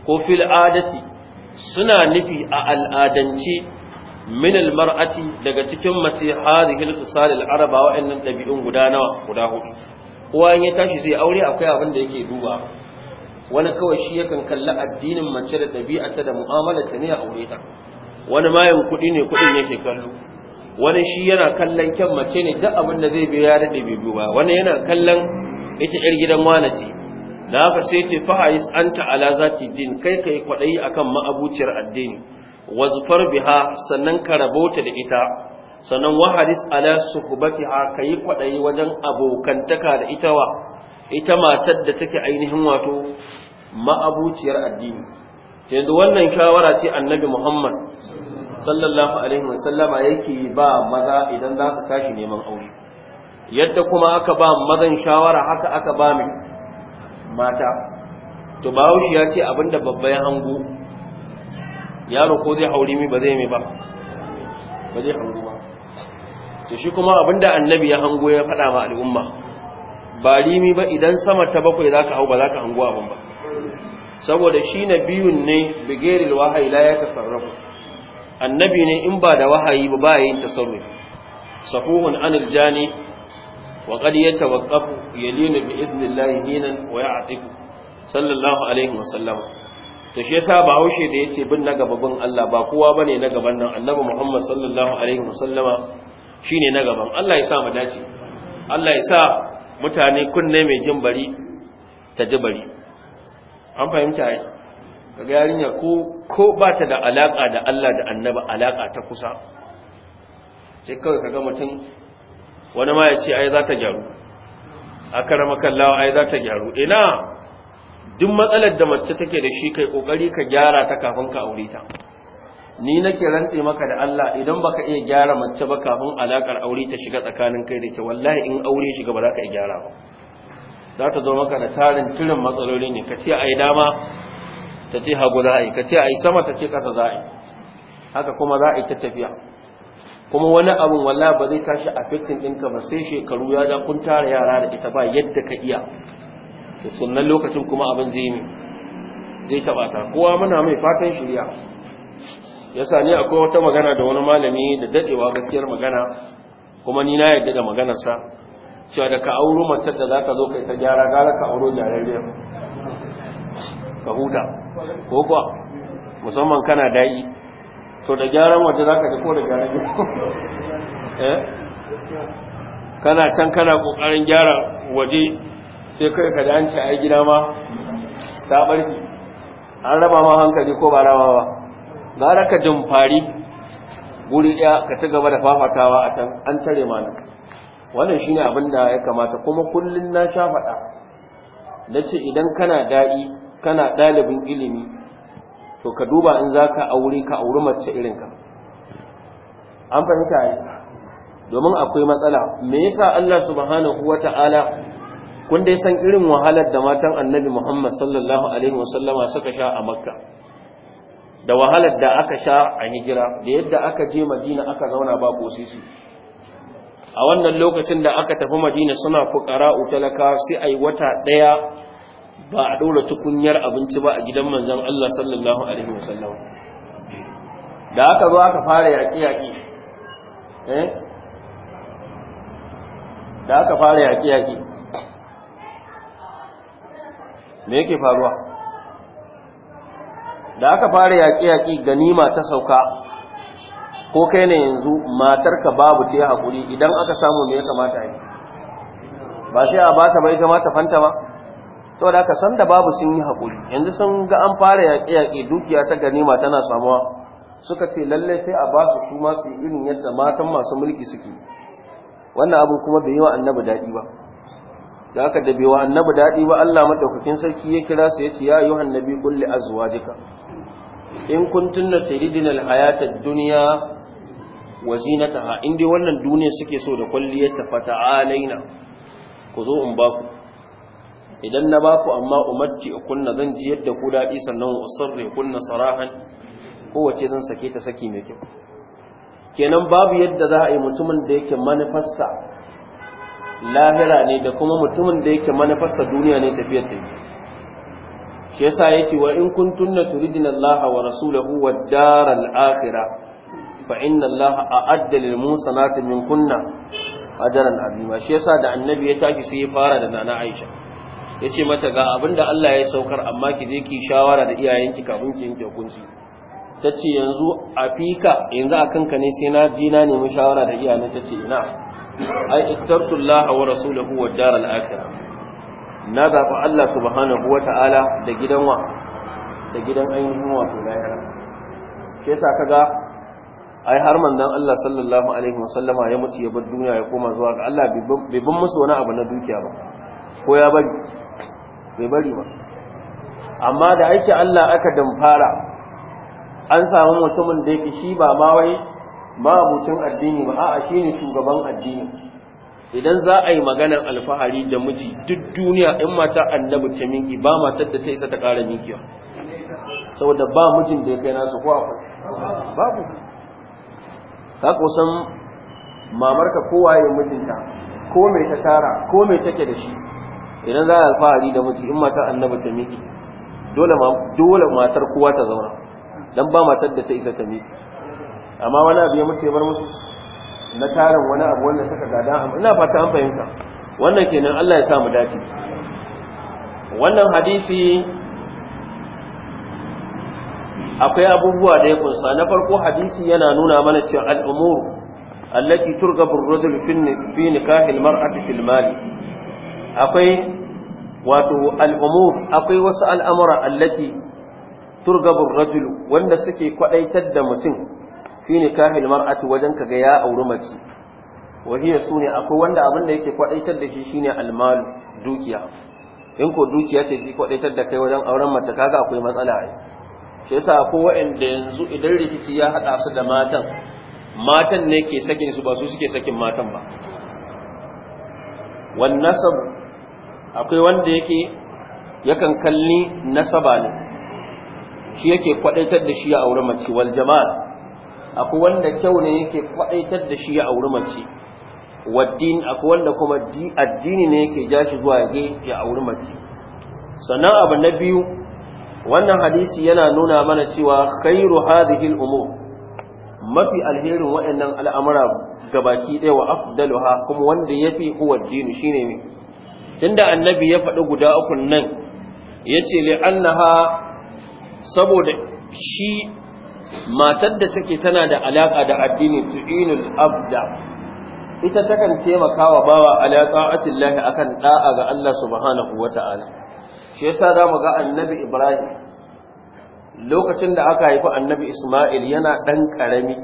ko fil adati suna nufi a al'adance min al-mar'ati daga cikin mace hadhihi al-qisal al-arba wa'annan dabi'un guda nawa guda hudu kowa ya tashi zai aure akwai abin da yake duba wani kawai shi yakan kalli addinin mace da ɗabi'ata da ta ne a aure ta wani mayan kuɗi ne kuɗin yake kallo wani shi yana kallon kyan mace ne duk abin da zai biya ya daɗe bai biyu ba wani yana kallon ita ƴar gidan wana ce na haka sai ce fa an anta ala zati din kai kai kwaɗayi akan ma'abuciyar addini wazufar biha sannan ka ta da ita sannan wahadis ala a kayi kwadayi wajen abokantaka da ita wa ita matar da take ainihin wato ma'abuciyar addini ta yanzu wannan shawara ce annabi Muhammad sallallahu alaihi wasallama yake ba maza idan za su tashi neman aure yadda kuma aka ba mazan shawara haka aka ba mai mata to shi ya ce abinda babba ya hango yaro ko zai haure mi ba zai mai ba ba zai hango ba to shi kuma abinda annabi ya hango ya faɗa ma al'umma ba rimi ba idan sama ta bakwai zaka hau ba zaka hango abin ba saboda shi biyun ne bigeril wahayi la ya tasarrafu annabi ne in ba da wahayi ba ba yin tasarrufi safuhun anil jani wa qad yatawaqqafu yalinu bi idnillahi hinan wa ya'tifu sallallahu alaihi wa sallam to shi yasa haushe da yace bin na gaba bin Allah ba kowa bane na gaban nan annabi Muhammad sallallahu alaihi wa wasallama Shi ne na gaban Allah ya sa mu dace Allah ya sa mutane kunne mai jin bari ta ji bari an fahimta ai kaga yarinya ko ko ba ta da alaka da Allah da annaba alaka ta kusa sai kawai kaga mutum wani ma ya ce ai za ta gyaru a Lawa, ai za ta gyaru ina duk matsalar da mace take da shi kai ƙoƙari ka gyara ta kafin ka aure ta ni nake rantse maka da Allah idan baka iya gyara mace ba kafin alakar aure ta shiga tsakanin kai da ita wallahi in aure shiga ba za ka iya gyara ba za ta zo maka da tarin tirin matsaloli ne ka ce ai dama ta ce hagu za a yi ka ce ai sama ta ce kasa za a yi haka kuma za a yi ta tafiya kuma wani abun wallahi ba zai tashi a fitin ɗinka ba sai shekaru ya ja kun tara yara da ita ba yadda ka iya to sannan lokacin kuma abin zai ne zai taɓa kowa muna mai fatan shirya yasa ni akwai wata magana da wani malami da dadewa gaskiyar magana kuma ni na yadda da maganarsa cewa da ka auro matar da ka zo kai ta gyara gara ka auro jarariyar ka huta ko kuwa musamman kana da'i to da gyaran waje ka ji ko da gyaran <laughs> eh kana can kana kokarin gyara waje sai kai ka da an ci ai gida ma ta barki an raba ma hankali ko ba raba ba gara ka jumfari guri ɗaya ka ci gaba da fafatawa a can an tare mana wannan shine abin da ya kamata kuma kullun na sha faɗa na ce idan kana da'i kana ɗalibin ilimi to ka duba in zaka aure ka auri mace irinka an fahimta yi domin akwai matsala me yasa Allah subhanahu wata'ala kun dai san irin wahalar da matan annabi Muhammad sallallahu alaihi wasallama suka sha a makka da wahalar da aka sha a hijira da yadda aka je madina aka zauna ba kosisi a wannan lokacin da aka tafi madina suna fukara utalaka sai a yi wata ɗaya ba a ɗora tukunyar abinci ba a gidan manzan Allah sallallahu alaihi wasallam da aka zo aka fara yaƙi-yaƙi eh? da aka fara yaƙi-yaƙi me yake faruwa da aka fara yaƙi-yaƙi ganima ta sauka ko kai ne yanzu matarka babu ta hakuri idan aka samu me ya kamata yi ba sai a bata bai kamata fanta ba saboda aka san da babu sun yi hakuri yanzu sun ga an fara yaƙi-yaƙi dukiya ta ganima tana samuwa suka ce lalle sai a ba su su ma su irin yadda matan masu mulki suke wannan abu kuma bai yi wa annabi daɗi ba da aka bai wa annabi daɗi ba Allah madaukakin sarki ya kira su ya ce ya ayyuhan nabi kulli azwajika in kuntunna turidinal hayatad dunya wa zinataha in dai wannan duniya suke so da fata alaina ku zo in baku idan na baku amma umarci kunna zan ji yadda ku daɗi sannan usarri kunna sarahan kowace zan sake ta saki mai kyau kenan babu yadda za a yi mutumin da yake manufarsa lahira ne da kuma mutumin da yake manufarsa duniya ne tafiyar ta shi yasa ce, wa in kuntunna turidina Allah wa rasulahu wad daral akhirah fa inna Allah a'adda lil musanati min kunna ajran azima shi yasa da annabi ya tashi sai ya fara da nana Aisha Ya ce mata ga abin da Allah ya saukar amma ki je ki shawara da iyayenki kafin ki yanke hukunci ce yanzu a fika yanzu a kanka ne sai na ji na nemi shawara da iyayen ce ina ai ittartu Allah wa rasulahu wad daral akhirah na zafi Allah subhanahu wata'ala da gidan wa da gidan ainihin wato lahira shi yasa kaga ai har manzon Allah sallallahu alaihi wasallama ya mutu ya bar duniya ya koma zuwa ga Allah bai bin musu wani abu na dukiya ba ko ya bari bai bari ba amma da aiki Allah aka damfara an samu mutumin da yake shi ba ma wai ma addini ba a'a shine shugaban addini idan za a yi maganar alfahari da miji duk duniya in mata annabi ta minki ba matar da ta isa ta ƙara minkiya saboda ba mijin da ya kai nasu ko akwai babu ka kusan mamarka ko waye mijinta ko mai ta tara ko mai take da shi idan za a alfahari da miji in mata annabi ta minki dole matar kowa ta zauna dan ba matar da ta isa ta minki amma wani abu ya mutu ya bar musu na tarin wani abu wanda suka gada ina fata an fahimta wannan kenan Allah ya sa mu dace wannan hadisi akwai abubuwa da ya kunsa na farko hadisi yana nuna mana cewa al'umur allati turgabu ar-rajul fi nikahi al-mar'ati fil mali akwai wato al'umur akwai wasu al'amura allati turgabu ar-rajul wanda suke kwadaitar da mutum fi nikahil mar'ati wajen kaga ya auri mace hiya sune akwai wanda abin da yake kwadaitar da shi shine almalu dukiya in ko dukiya ce ji kwadaitar da kai wajen auren mace kaga akwai matsala ai shi yasa ko wa'anda yanzu idan rikici ya hada su da matan matan ne ke sakin su ba su suke sakin matan ba wan nasab akwai wanda yake yakan kalli nasaba ne shi yake kwadaitar da shi ya auri mace wal jama'a Aku wanda kyau ne yake kwadaitar da shi ya auri mace waddin Aku wanda kuma addini ne yake ja shi zuwa ga ya auri mace sannan abu na biyu wannan hadisi yana nuna mana cewa khairu hadhihi al-umur mafi alherin waɗannan al'amura gabaki ɗaya wa afdaluha kuma wanda yafi huwa addini shine ne tunda annabi ya faɗi guda uku nan yace li'annaha saboda shi matar da take tana da alaka da addini tu'inul abda ita takan taimaka wa bawa ala ta'atin akan da'a ga Allah subhanahu wata'ala shi yasa za mu ga annabi Ibrahim lokacin da aka haifi annabi Isma'il yana dan karami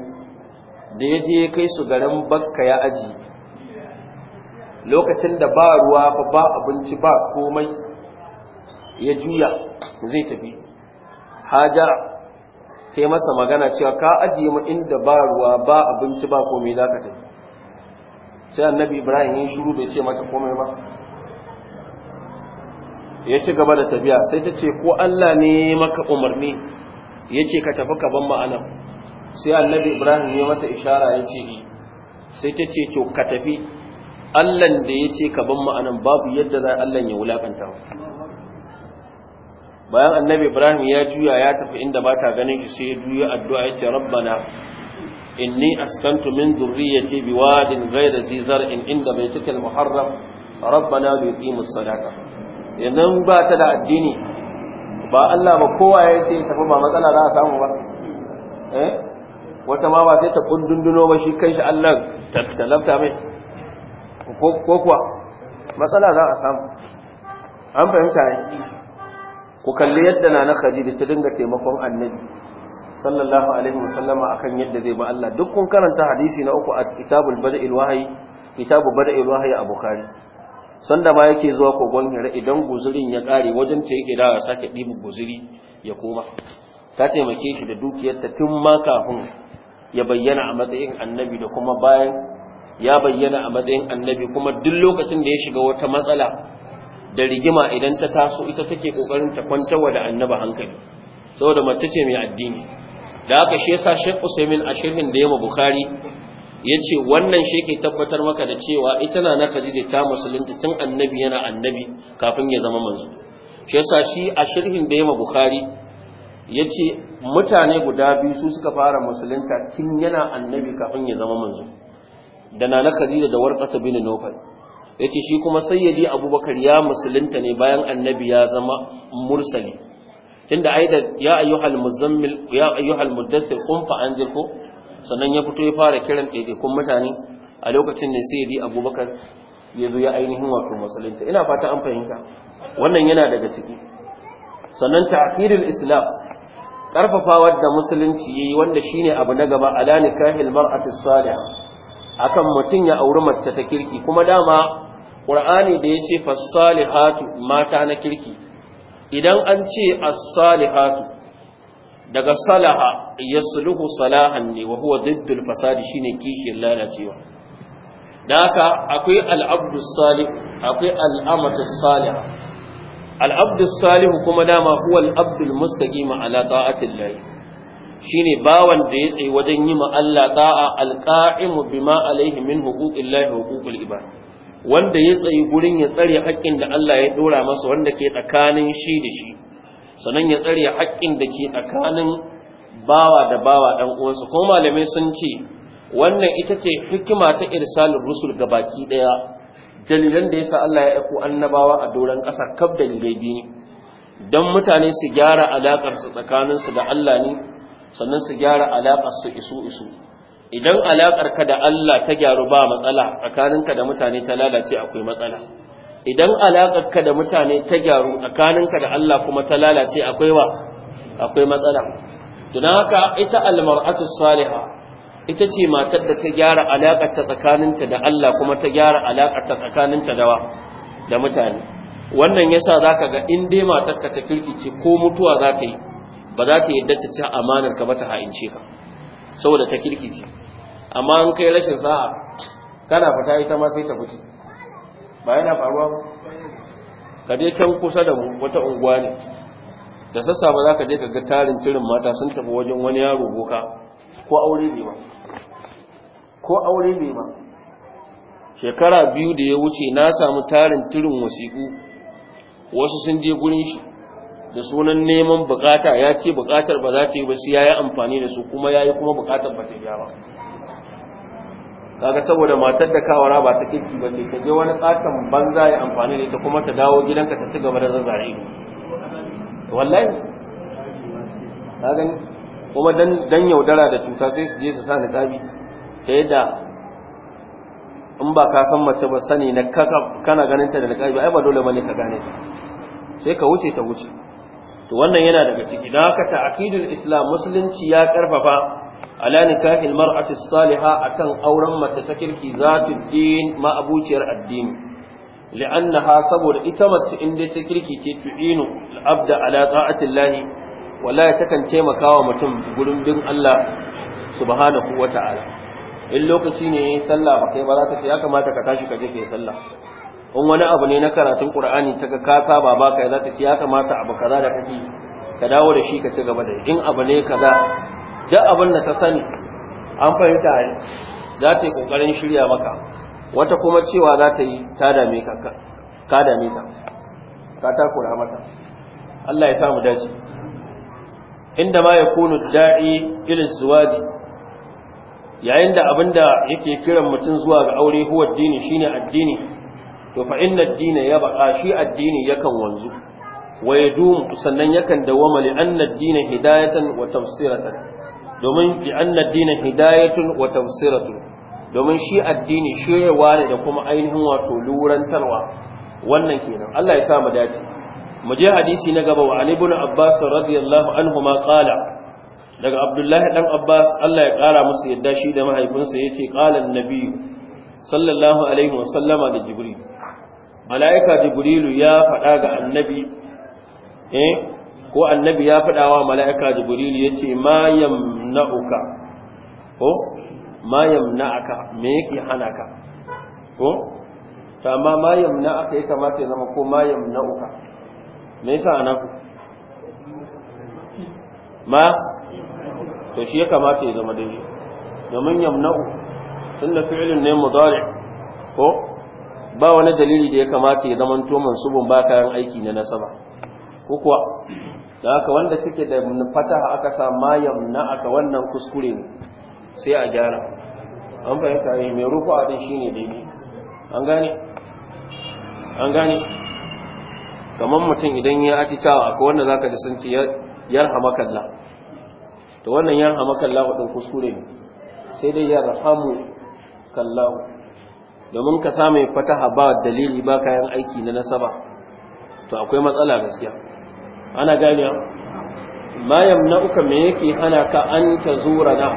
da yaje ya kai su garin Bakka ya aji lokacin da ba ruwa fa ba abinci ba komai ya juya zai tafi hajar ta yi masa magana cewa ka ajiye mu inda ba ruwa ba abinci ba komai za ka tafi sai annabi ibrahim ya shuru bai ce mata komai ba ya ci gaba da tafiya sai ta ce ko allah ne maka umarni ya ce ka tafi ka ban ma'anar sai annabi ibrahim ya mata ishara ya ce eh. sai ta ce to ka tafi allan da ya ce ka ban ma'anar babu yadda za allan ya wulakanta bayan annabi ibrahim ya juya ya tafi inda ba ta ganin shi sai ya juya addu'a ya ce rabbana inni askantu min zurriyyati biwadin ghayra zi zar'in inda baitika al-muharram rabbana bi qimus sadaqa Idan ba ta da addini ba Allah ba kowa ya ce tafi ba matsala za a samu ba eh wata ma ba sai ta kundunduno ba shi kanshi Allah ta talafta mai ko kuwa matsala za a samu an fahimta ne ku kalli yadda na na khadija ta dinga taimakon annabi sallallahu alaihi sallama akan yadda zai ba Allah duk kun karanta hadisi na uku a kitabul bada'il wahyi kitabu bada'il wahyi a bukhari sanda ma yake zuwa kogon hira idan guzurin ya kare wajen ta yake dawa sake dibi guzuri ya koma ta taimake shi da dukiyarta tun ma kafin ya bayyana a matsayin annabi da kuma bayan ya bayyana a matsayin annabi kuma duk lokacin da ya shiga wata matsala da rigima idan ta taso ita take kokarin ta kwantawa da annaba hankali saboda mace ce mai addini da haka shi yasa Sheikh Usaimin a shirhin da yamma Bukhari yace wannan shi yake tabbatar maka da cewa ita na na kaji da ta musulunta tun annabi yana annabi kafin ya zama manzo shi yasa shi a shirhin da yamma Bukhari yace mutane guda biyu su suka fara musulunta tun yana annabi kafin ya zama manzo da na na kaji da warqata bin Nufal yace shi kuma Sayyadi abubakar ya musulunta ne bayan annabi ya zama mursali tunda ai da ya ayyuhal ya ayyuhal muddathir qum fa ko sannan ya fito ya fara kiran ɗaiɗaikun mutane a lokacin da Sayyadi abubakar ya zo ya ainihin wato musulunta ina fata an fahimta wannan yana daga ciki sannan ta'khirul islam ƙarfafawa da musulunci yayi wanda shine abu na gaba ala nikahil mar'ati salihah akan mutum ya auri mace ta kirki kuma dama ƙur'ani da ya ce fassalihatu mata na kirki idan an ce as-salihatu daga salaha ya yasluhu salahan ne wa huwa diddul fasadi shine kishin lalacewa Da aka akwai al-abdu salih akwai al salih al salih kuma dama huwa al-abdu al-mustaqim ala ta'ati Allah shine bawan da ya tsaye wajen yi ma Allah da'a al bima alaihi min huquqi Allah wa huquqil ibad wanda ya tsayi gurin ya tsare haƙƙin da Allah ya dora masa wanda ke tsakanin shi da shi sannan ya tsare haƙƙin da ke tsakanin bawa da bawa dan uwansa ko malamai sun ce wannan ita ce hikima ta irsalin rusul ga baki daya dalilan da yasa Allah ya aiko annabawa a doron ƙasa kaf dalilai biyu dan mutane su gyara alaƙar su tsakanin su da Allah ne sannan su gyara alaƙar su isu isu idan alaƙarka da Allah ta gyaru ba matsala tsakaninka da mutane ta lalace akwai matsala idan alaƙarka da mutane ta gyaru tsakaninka da Allah kuma ta lalace akwai wa akwai matsala don haka ita almar'atu salihah ita ce matar da ta gyara alaƙar ta tsakaninta da Allah kuma ta gyara alaƙar ta tsakaninta da wa da mutane wannan yasa zaka ga in dai matarka ta kirkice ko mutuwa za ta yi ba za ta yadda ta ci amanar ka ba ta ha'ince ka saboda ta kirki ce amma an kai rashin sa'a kana fita ita ma sai ta fice ba yana faruwa ba ka je can kusa da wata unguwa ne da ba za ka je ka ga tarin turin mata sun tafi wajen wani yaro boka ko aure ne ba ko aure ne ba shekara biyu da ya wuce na samu tarin turin wasiƙu wasu sun je gurin shi da sunan neman bukata ya ce bukatar ba za ta yi ba sai ya yi amfani da su kuma ya yi kuma bukatar ba ta yi ba kaga saboda matar da kawara ba ta kirki ba ce ka je wani katon banza ya amfani da ita kuma ta dawo gidanka ta ci gaba da zazzare ido wallahi ka gani kuma dan yaudara da cuta sai su je su sa tsabi. ta yadda in ba ka san mace ba sani na kana ganin ta da niqabi ai ba dole bane ka gane ta sai ka wuce ta wuce to wannan yana daga ciki da haka ta'kidul islam musulunci ya karfafa ala nikahil mar'ati salihah akan auren mace ta kirki zatul din ma abuciyar addini li'annaha saboda ita mace in dai ta kirki ce tu'inu al'abda ala ta'ati llahi wallahi takan taimakawa mutum gurin bin Allah subhanahu wata'ala in lokaci ne sallah ba kai ba za ka ce ya kamata ka tashi ka je kai sallah in wani abu ne na karatun qur'ani ta ga ka saba ba kai za ta ce ya kamata abu kaza da kake ka dawo da shi ka ci gaba da in abu ne kaza duk abin da ta sani an fahimta za ta yi kokarin shirya maka wata kuma cewa za ta yi ta dame ka ka dame ka ka takura mata Allah ya samu dace inda ma yakunu da'i ilin zuwadi yayin da abinda yake kiran mutum zuwa ga aure huwa addini shine addini to fa inna ad-dina yabqa shi addini yakan wanzu wa yadum sannan yakan dawama li anna ad-dina hidayatan wa tafsiratan domin li anna ad-dina hidayatun wa tafsiratun domin shi addini shirewa da kuma ainihin wato lurantarwa wannan kenan Allah ya sa mu dace mu je hadisi na gaba wa Ali ibn Abbas radiyallahu anhu ma qala daga abdullahi dan abbas allah ya kara musu yadda shi da mahaifinsa ya ce kalan nabi sallallahu alaihi sallama da jibril mala'ika jibrilu ya faɗa ga annabi eh ko annabi ya faɗa wa mala'ika jibrilu ya ce ma yamna'uka ko ma yamna'aka me yake hana ka ko ta ma ma yamna'aka ya kamata ya zama ko ma yamna'uka me yasa ana ku ma to shi ya kamata ya zama daidai domin yamna'u tunda fi'ilin ne mudari ko ba wani dalili da ya kamata ya zaman to mansubun ba kayan aiki na nasaba ko kuwa da haka wanda suke da fata aka sa mayam na aka wannan kuskure ne sai a gyara an fahimta yi eh, mai rufu a din shine ne an gane an gane kamar mutum idan ya aci tawa akwai wanda zaka ji sun ce kalla. to wannan yarhamakalla din kuskure ne sai dai rahamu kallahu domin ka samu fataha ba dalili ba kayan aiki na nasaba to akwai matsala gaskiya ana ganiya ma yamna'uka me yake hana ka an zura na,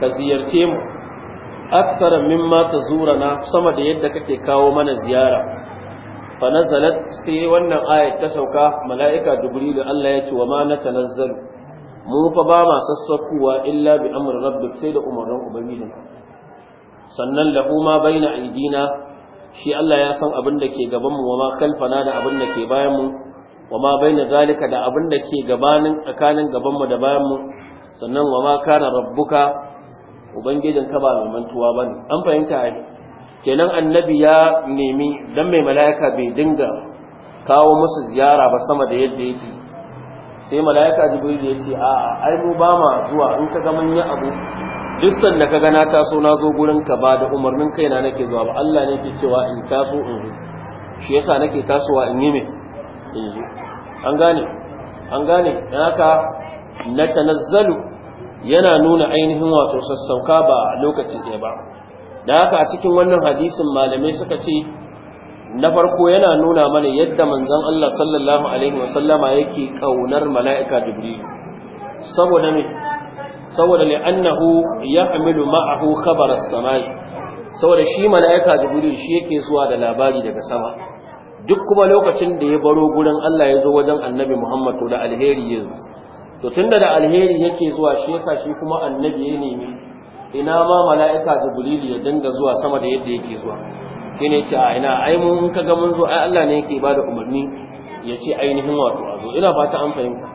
ka ziyarce mu ta mimma na, sama da yadda kake kawo mana ziyara fa nazalat sai wannan ayat ta sauka mala'ika da Allah ya ce wa ma na natanazzalu mu fa ba ma sassakuwa illa bi amri rabbik sai da umarnin ubangijinka sannan lahu ma baina aidina shi Allah ya san abin da ke gaban mu wa ma kalfana da abin da ke bayan mu wa ma baina zalika da abin da ke gabanin tsakanin gaban mu da bayan mu sannan wa ma kana rabbuka ubangijin ka ba mai mantuwa bane an fahimta ai kenan annabi ya nemi dan mai malaika bai dinga kawo musu ziyara ba sama da yadda yake sai malaika jibril ya ce a ai mu ba ma zuwa in ka ga mun yi abu duk sanda ka gana taso na zo gurin ka ba da umarnin kaina nake zuwa ba Allah ne ke cewa in taso in zo shi yasa nake tasowa in yi me in zo an gane an gane dan haka na tanazzalu yana nuna ainihin wato sassauka ba lokaci ɗaya ba dan haka a cikin wannan hadisin malamai suka ce na farko yana nuna mana yadda manzon Allah sallallahu alaihi wasallama yake kaunar mala'ika jibril saboda me saboda li'annahu ya'milu ma'ahu khabar as-samai saboda shi malaika jibril shi yake zuwa da labari daga sama duk kuma lokacin da ya baro gurin Allah ya zo wajen annabi Muhammad to da alheri ya to tunda da alheri yake zuwa shi yasa shi kuma annabi ya nemi ina ma malaika jibril ya dinga zuwa sama da yadda yake zuwa shine ce a ina ai mun kaga mun zo ai Allah ne yake bada umarni ya ce ainihin wato a zo ina fata an fahimta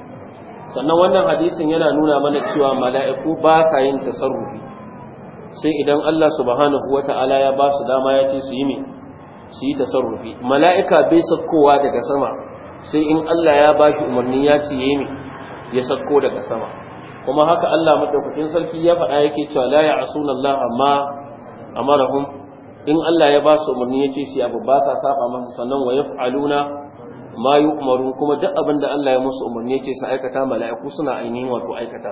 sannan wannan hadisin yana nuna mana cewa mala'iku ba sa yin tasarrufi sai idan Allah subhanahu Ta'ala ya ba su dama ya ce su yi su yi tasarrufi mala'ika bai sakkowa daga sama sai in Allah ya ba shi umarni ya ce yi ya sakko daga sama kuma haka Allah madaukakin sarki ya faɗa yake cewa la ya'suna Allah amma amarahum in Allah ya ba su umarni ya ce su abu ba sa saba masa sannan wa yaf'aluna ma yi umarun kuma duk abin da Allah ya musu umarni ce su aikata mala'iku suna ainihin wato aikata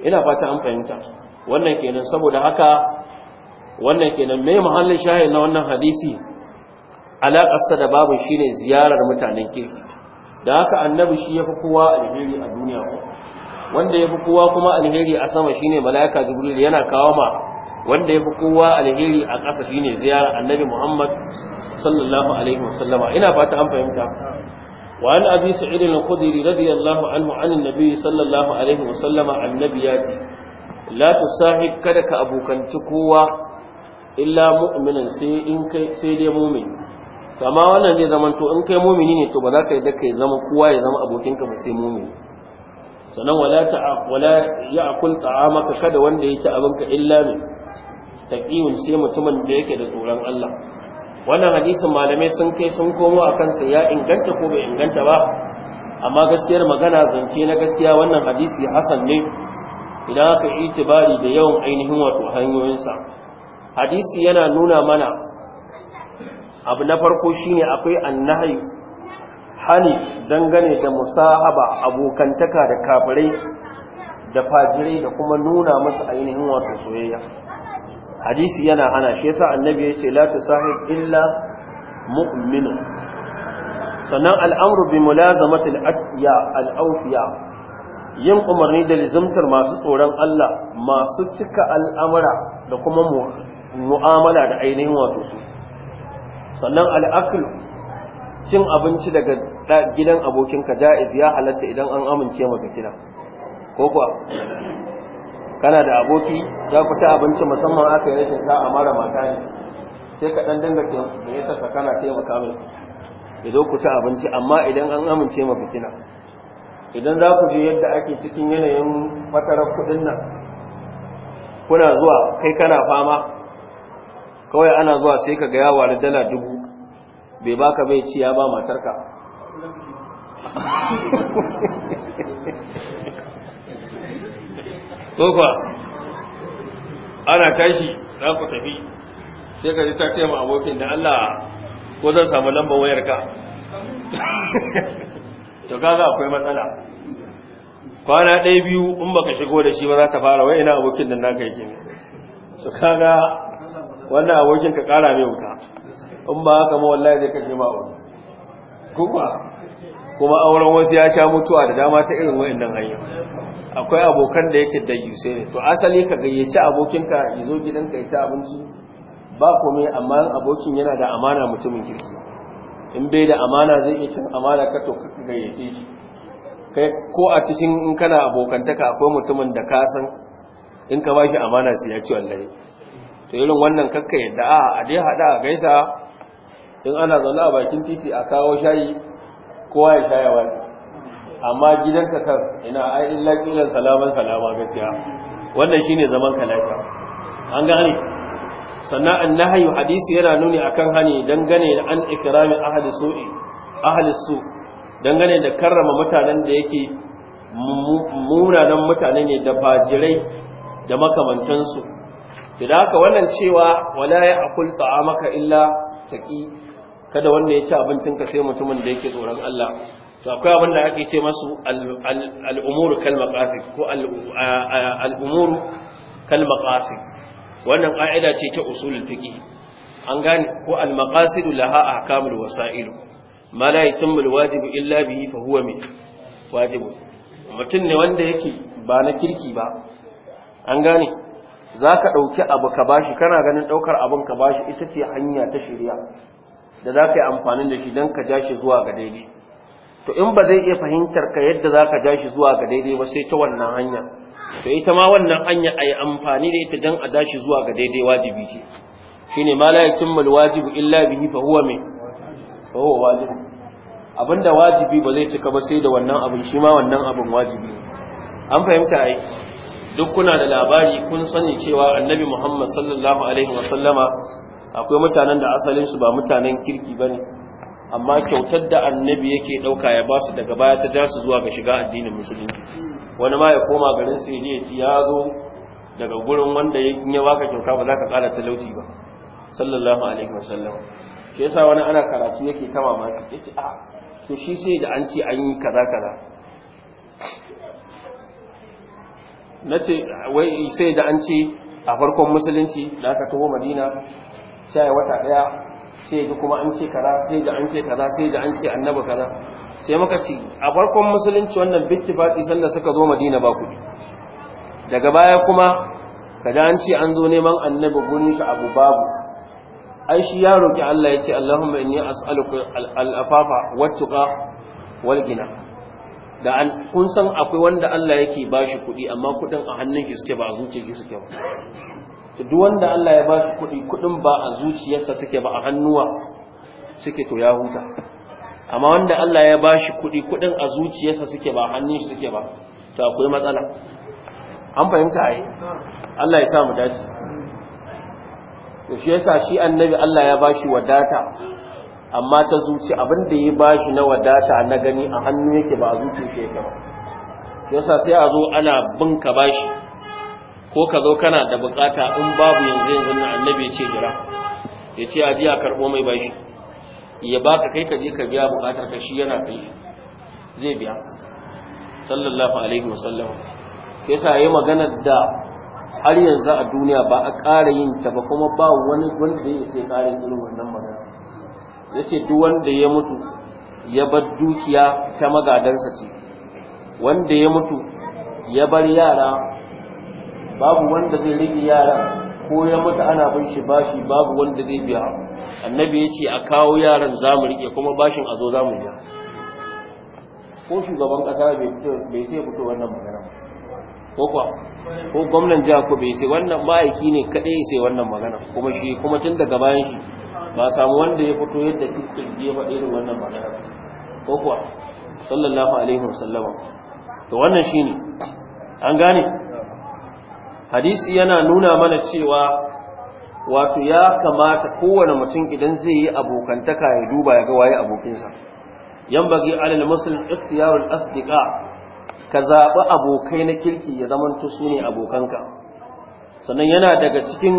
ina fata an fahimta wannan kenan saboda haka wannan kenan mai muhallin shahil na wannan hadisi alaƙarsa da babu ne ziyarar mutanen kirki da haka annabi shi ya fi kowa alheri a duniya wanda ya fi kowa kuma alheri a sama shine mala'ika jibril yana kawo ma wanda ya fi kowa alheri a ƙasa shine ziyarar annabi muhammad sallallahu alaihi wasallama ina fata an fahimta وعن أبي سعيد الخدري رضي الله عنه عن النبي صلى الله عليه وسلم عن النبيات لا تصاحب كدك أبو كنتكوا إلا مؤمنا سيدي مؤمن kama wannan zai zama to in kai mumini ne to ba za ka yi da kai zama kowa ya zama abokinka ba sai mumini sannan wala ta wala ya'kul ta'amaka kada wanda ya ci abinka illa min sai mutumin da yake da tsoron Allah wannan hadisin malamai sun kai sun komo a kansa ya inganta ko bai inganta ba amma gaskiyar magana zance na gaskiya wannan hadisi hasan ne idan aka tibari da yawan ainihin wato hanyoyinsa hadisi yana nuna mana abu na farko shine akwai annahi hani dangane da musahaba abokantaka da kafirai da fajirai da kuma nuna musu ainihin wato soyayya hadisi yana hana shi yasa annabi yace la tusahib illa mu'min sannan al'amru bi mulazamati al-atiya al-awfiya yin umarni da lizumtar masu tsoron Allah masu cika al'amura da kuma mu'amala da ainihin wato su sannan al'aklu cin abinci daga gidan abokinka ja'iz ya halatta idan an amince maka kina ko kuwa kana da aboki za ku ci abinci musamman aka yi rashin a mara mata ne sai ka dan dinga ka kana taimaka mai Ido ku ci abinci amma idan an amince ma fitina idan za ku ji yadda ake cikin yanayin matarar kudin nan kuna zuwa kai kana fama kawai ana zuwa sai ka ga ya da dala dubu bai baka bai ciya ba matarka <laughs> ko kuwa ana tashi za ku tafi sai ka ta ce ma abokin da Allah ko zan samu lambar wayar <laughs> ka to kaga akwai matsala kwana ɗaya biyu in baka shigo da shi ba za ta fara wai ina abokin da naka yake ne To kaga wannan abokin ka kara mai wuta in ba haka ma wallahi zai kashe ma wani kuma kuma auren wasu ya sha mutuwa da dama ta irin wayannan hanyar akwai abokan da yake da yuse ne to asali ka gayyaci abokinka ya zo gidanka ya ci abinci ba komai amma abokin yana da amana mutumin kirki in bai da amana zai iya cin amana ka to ka gayyace shi kai ko a cikin in kana abokantaka akwai mutumin da ka san in ka ba shi amana sai ya ci wallahi to irin wannan kakka yadda a a dai hada a gaisa in ana zaune a bakin titi a kawo shayi kowa ya shaya wani amma gidanka kan ina ai illa kilan salaman salama gaskiya wannan shine zaman ka lafiya an gane sannan annahi hadisi yana nuni akan hani dangane da an ikrami ahli su'i ahli su dangane da karrama mutanen da yake munanan mutane ne da fajirai da makamantansu idan haka wannan cewa wala ya akul ta'amaka illa taqi kada wanda ya ci abincin ka, sai mutumin da yake tsoron Allah to akwai abin da ake ce masu al'umuru kalmakasi ko al'umuru kalmakasi wannan ƙa'ida ce ta usulul fiqh an gane ko al’makasi da laha ahkamul wasa'il ma la yatimmu al-wajibu illa biyi fa huwa wajibu mutum ne wanda yake ba na kirki ba an gane ka dauki abu ka bashi kana ganin daukar abin ka bashi ita ce hanya ta shirya da za ka yi amfanin da shi don ka ja shi zuwa ga daidai to in ba zai iya fahimtar ka yadda za ka dashi shi zuwa ga daidai ba sai ta wannan hanya to ita ma wannan hanya a yi amfani da ita don a da shi zuwa ga daidai wajibi ce shi ne ma layakin wajibu illa bihi fa huwa me fa huwa wajibu abinda wajibi ba zai cika ba sai da wannan abin shi ma wannan abin wajibi an fahimta ai duk kuna da labari kun sani cewa annabi muhammad sallallahu alaihi wasallama akwai mutanen da asalin su ba mutanen kirki ba ne amma kyautar da annabi yake ɗauka ya ba su daga baya ta ja su zuwa ga shiga addinin musulunci wani ma ya koma garin su ya ci ya zo daga gurin wanda ya baka kyauta ba za ka ƙara talauci ba sallallahu alaihi wasallam shi yasa wani ana karatu yake kama ma mamaki ce a ah, to shi sai da an ce an yi kaza kaza na ce wai sai da an ce a farkon musulunci da aka taho madina sha wata ɗaya sai ga kuma an ce kaza sai da an ce kaza sai da an ce annabi kaza sai muka ci a farkon musulunci wannan bittifaqi sallan suka zo Madina ba kudi daga baya kuma kada an ce an zo neman annabi gurin shi abu babu ai shi ya roki Allah ya ce Allahumma inni as'aluka al-afafa wat-tuqa wal-ghina da an kun san akwai wanda Allah yake bashi kudi amma kudin a hannun shi suke ba a zuciyar shi suke ba duk wanda Allah ya bashi kuɗi kuɗin ba a zuciyarsa suke ba a hannuwa suke to ya huta amma wanda Allah ya bashi kuɗi kuɗin a zuciyarsa suke ba a hannun shi suke ba to akwai matsala an fahimta ai Allah ya sa mu dace to shi yasa shi annabi Allah ya bashi wadata amma ta zuci abinda ya bashi na wadata na gani a hannu yake ba a zuciyarsa shi yake ba shi yasa sai a zo ana binka bashi ko ka zo kana da bukata in babu yanzu yanzu na annabi ce jira ya ce aji a karɓo mai bashi ya baka kai ka je ka biya bukatar ka shi yana kai zai biya sallallahu alaihi wasallam ke sa yi magana da har yanzu a duniya ba a ƙara yin ta ba kuma ba wani wanda ya sai ƙarin irin wannan magana ya ce duk wanda ya mutu ya bar dukiya ta magadansa ce wanda ya mutu ya bar yara babu wanda zai rike yaran ko ya mutu ana bin shi bashi babu wanda zai biya annabi ya ce a kawo yaran za mu rike kuma bashin a zo za mu biya ko shugaban ƙasa bai sai fito wannan magana ko kwa ko gwamnan jiha ko bai sai wannan ma'aiki ne kaɗai sai wannan magana kuma shi kuma tun daga bayan shi ba samu wanda ya fito yadda kirkir ya faɗi irin wannan magana ko kuwa sallallahu alaihi wasallama to wannan shine an gane hadisi yana nuna mana cewa wato ya kamata kowane mutum idan zai yi abokantaka ya duba ya ga waye abokinsa yan bagi alal muslim ikhtiyarul asdiqa ka zaɓi abokai na kirki ya zamanto su ne abokanka sannan yana daga cikin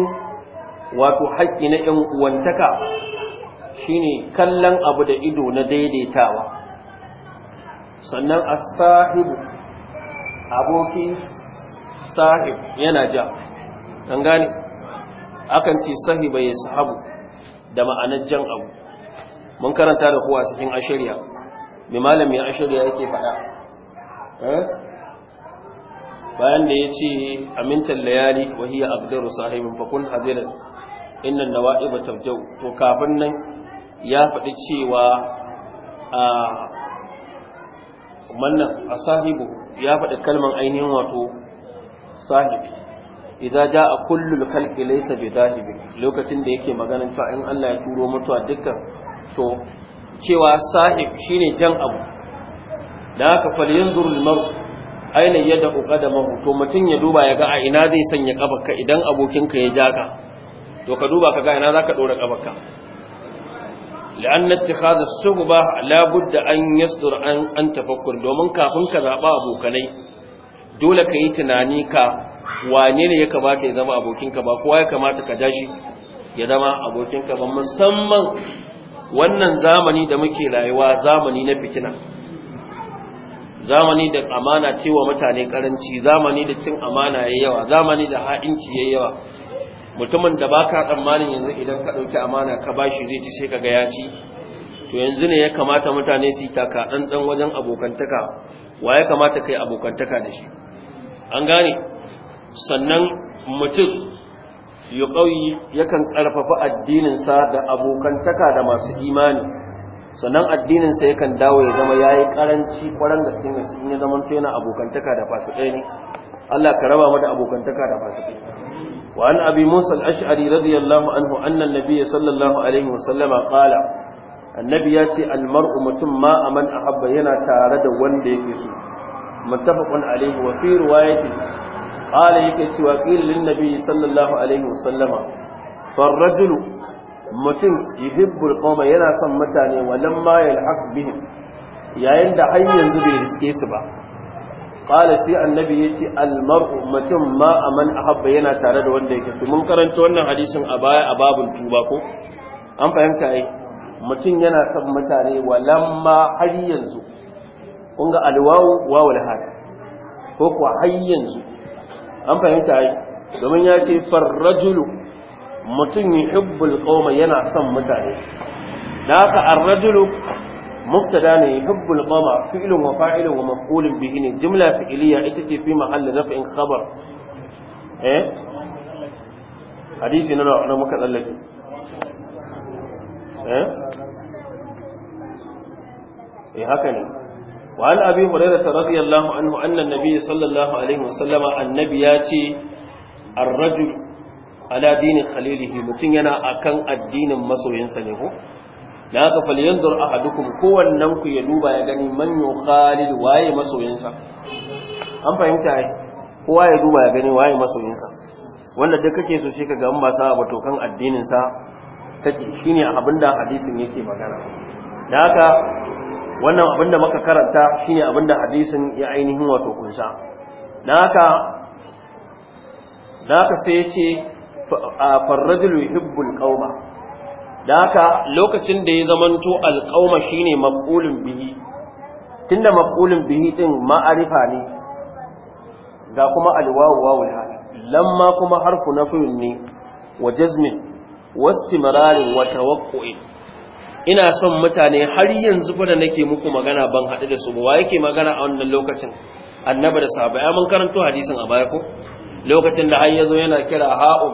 wato haƙƙi na ƴan uwantaka shine kallon abu da ido na daidaitawa sannan as-sahibu aboki sahib yana ja an gane akan ce sahiba ya sahabu da ma'anar jan abu mun karanta da kowa cikin ashirya mai malamin ashirya yake faɗa eh? bayan da ya ce amintar layali wahiyar abdaru sahibin fakun hazirin innan na ba tabjau to kafin nan ya faɗi cewa a mannan a sahibu ya faɗi kalman ainihin wato sahibi idza jaa kullul khalqi laysa bidahibi lokacin da yake maganin cewa in Allah ya turo mutuwa dukkan to cewa sahib shine jan abu da haka falyanzur al-mar aina yada qadamahu to mutun ya duba ya ga a ina zai sanya kabarka idan abokinka ya ja ka to ka duba ka ga ina zaka dora kafarka لأن اتخاذ الصحبة لابد أن يصدر عن تفكر domin kafin ka zaba abokanai dole ka yi tunani ka wane ne ya kamata ya zama abokinka ba kowa ya kamata ka dashi ya zama abokinka ba musamman wannan zamani da muke rayuwa zamani na fitina zamani da amana cewa mutane karanci zamani da cin amana ya yawa zamani da ha'inci ya yawa mutumin da ba ka tsammanin yanzu idan ka ɗauki amana ka ba shi zai ci sai kaga ya ci to yanzu ne ya kamata mutane su yi taka ɗanɗan wajen abokantaka wa ya kamata ka yi abokantaka da shi an gane sannan mutum ya ƙauyi yakan ƙarfafa addininsa da abokantaka da masu imani sannan addininsa yakan dawo ya zama ya yi ƙaranci ƙwaron gaske in ya zaman yana abokantaka da fasikai ne Allah ka raba mu da abokantaka da fasikai wa an abi musa al'ashari radiyallahu anhu annan nabi ya sallallahu alaihi wa sallama ƙala. annabi ya ce al mutum ma aman ahabba yana tare da wanda yake so muttafaqun alaihi wa fi riwayati qala yake cewa qila lin nabi sallallahu alaihi wa sallama farrajulu mutum yuhibbul qawma yana son mutane walamma yalhaq bihim yayin da har yanzu bai riske su ba qala sai annabi yace al mar'u mutum ma aman ahabba yana tare da wanda yake to mun karanta wannan hadisin a baya a babun tuba ko an fahimta ai mutum yana son mutane walamma har yanzu kun ga alwawu wawul haka ko kuwa har yanzu an fahimta ai domin ya ce farrajulu mutum yuhibbul qauma yana son mutane da haka arrajulu مبتدا ne yuhibbul qama fi'lun wa fa'ilun wa maf'ulun bihi ne jumla fi'liya ita ce fi mahalli raf'in khabar eh hadisi na na muka tsallake eh eh haka ne وعن أبي هريرة رضي الله عنه أن النبي صلى الله عليه وسلم النبي ياتي الرجل على دين خليله متين ينا أكن الدين مسوين ينسنه لا تفل ينظر أحدكم كوى ku ya duba من gani واي yukhalil waye أم an fahimta كوى kowa ya واي ya gani wanda duk kake so shi kaga an ba sa ba tokan addinin sa take shine abinda hadisin yake magana da haka wannan abin da muka karanta shine abin da hadisin ya ainihin wato kunsa dan haka dan haka sai ya ce farrajul yuhibbul qauma dan haka lokacin da ya zamanto alqauma shine maf'ulun bihi tunda maf'ulun bihi din ma'arifa ne ga kuma alwawu wawul hal lamma kuma harfu nafyun ne wa jazmin wa istimrarin wa tawaqqu'in ina son mutane har yanzu kuma da nake muku magana ban haɗu da su ba wa yake magana a wannan lokacin annaba da sahaba ya mun karanto hadisin a baya ko lokacin da har zo yana kira ha'u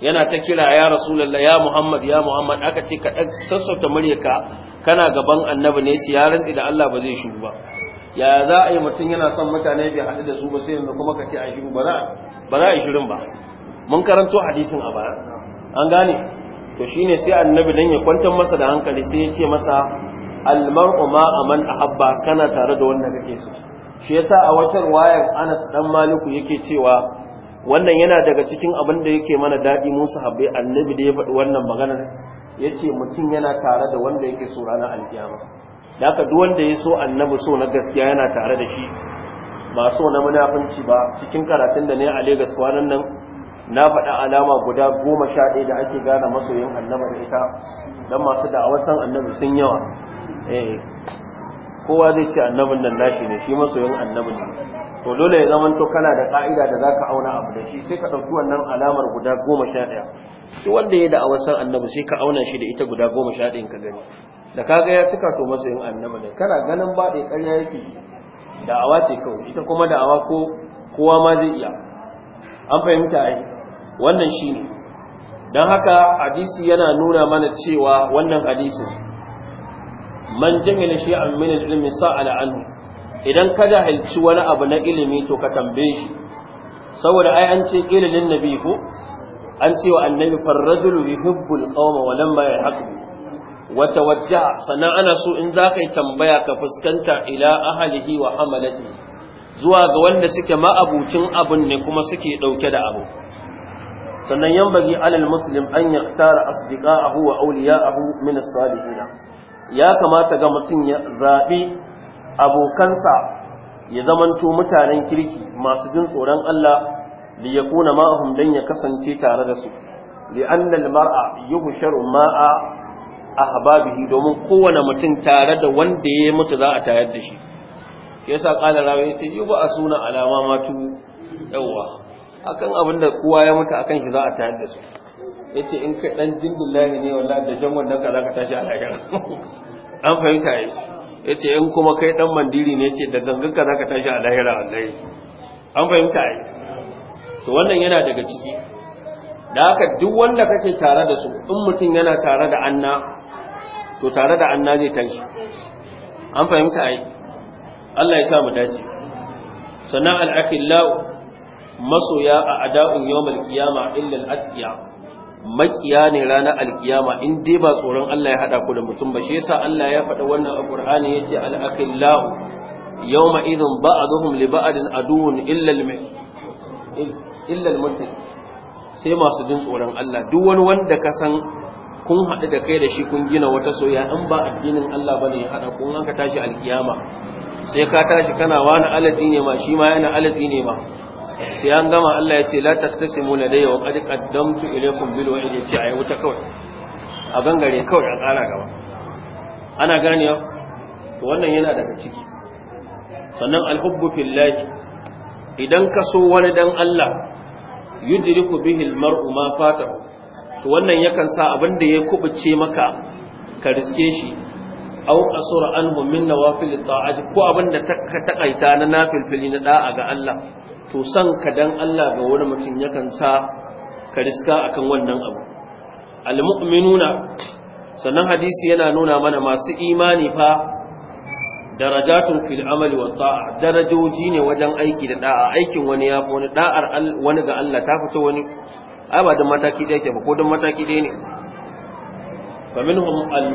yana ta kira ya rasulullahi ya muhammad ya muhammad aka ce ka sassauta muryarka kana gaban annabi ne ya rantsi da Allah ba zai shigo ba ya za a yi mutum yana son mutane bai haɗu da su ba sai yanzu kuma ka ce a shigo ba za a yi shirin ba mun karanto hadisin a baya an gane to ne sai annabi dan ya kwantar masa da hankali sai ya ce masa almar'u ma aman ahabba kana tare da wanda kake so shi yasa a watan wayar Anas dan Maliku yake cewa wannan yana daga cikin abin da yake mana daɗi musu habbe annabi da ya faɗi wannan magana yace mutum yana tare da wanda yake so ranar alkiyama haka duk wanda ya so annabi so na gaskiya yana tare da shi ba so na munafunci ba cikin karatun da ne a Legas kwanan nan na faɗa alama guda goma sha ɗaya da ake gane masoyin annaba da ita don masu da'awar san annabi sun yawa eh, kowa zai ce annabin nan nashi ne shi masoyin annabin ne to dole ya zama to kana da ka'ida da zaka auna abu da shi sai ka ɗauki wannan alamar guda goma sha ɗaya shi wanda ya da'awar san annabi sai ka auna shi da ita guda goma sha ɗaya ka gani da ga ya cika to masoyin annabi ne kana ganin ba ɗaya ƙarya yake da'awa ce kawai ita kuma da'awa ko kowa ma zai iya an fahimta ai wannan shi ne, don haka hadisi yana nuna mana cewa wannan hadisin man jahila shi a al ilimi sa'ala an idan ka jahilci wani abu na ilimi to ka tambaye shi saboda ai an ce ilimin biyu ko an ce wa annabi farrajulu yuhibbul qawma wa lamma yahqu wa tawajjaha sannan ana so in za ka yi tambaya ka fuskanta ila ahalihi wa amalati zuwa ga wanda suke ma'abucin abun ne kuma suke dauke da abu sannan yanbaghi alal muslim an yaktara asdiqa'ahu wa awliya'ahu min as-salihin ya kamata ga mutum ya zabi abokansa ya zamanto mutanen kirki masu jin tsoron Allah li yakuna ma'ahum dan ya kasance tare da su da anna mar'a yi yuhsharu ma'a ahbabihi domin kowane mutum tare da wanda ya mutu za a tayar da shi yasa qala yi ba a suna alama matu yawa akan abin da kowa ya mutu akan shi za a tayar da su yace in kai dan jindullahi ne wallahi da jan wannan kaza ka tashi a lahira an fahimta yi yace in kuma kai dan mandiri ne yace da gangan kaza ka tashi a lahira wallahi an fahimta yi to wannan yana daga ciki da haka duk wanda kake tare da su in mutum yana tare da anna to tare da anna zai tashi an fahimta yi Allah ya sa mu dace sannan al-akhillau masoya a ada'un yawmal qiyama illal al-atqiya makiya ne ranar alkiyama in dai ba tsoron Allah ya haɗa ku da mutum ba shi yasa Allah ya faɗa wannan a Qur'ani yace al-akhillahu yawma idhin ba'dhum li ba'din aduwwun illa illa al-muttaqin sai masu jin tsoron Allah duk wani wanda ka san kun haɗu da kai da shi kun gina wata soya in ba addinin Allah bane ya haɗa kun hanka tashi alkiyama sai ka tashi kana wani alazi ne ma shi ma yana alazi ne ma sai an gama Allah ya ce la taqtasimu ladayya wa qad qaddamtu ilaykum bil wa'id ya ce ai wuta kawai a gangare kawai a ƙara gaba ana gane ganewa to wannan yana daga ciki sannan alhubbu fillahi idan ka so wani dan Allah yudriku bihi almar'u ma fata to wannan yakan sa abin da ya kubuce maka ka riske shi aw asura anhu min nawafil ta'ati ko abin da ta takaita na nafilfili na da'a ga Allah to san ka dan Allah ga wani mutum yakan sa ka riska akan wannan abu almu'minuna sannan hadisi yana nuna mana masu imani fa darajatun fil amali wa ta'a darajoji ne wajen aiki da da'a aikin wani ya fi wani da'ar wani ga Allah ta fito wani ai ba da mataki ɗaya ke ba ko don mataki ɗaya ne fa minhum al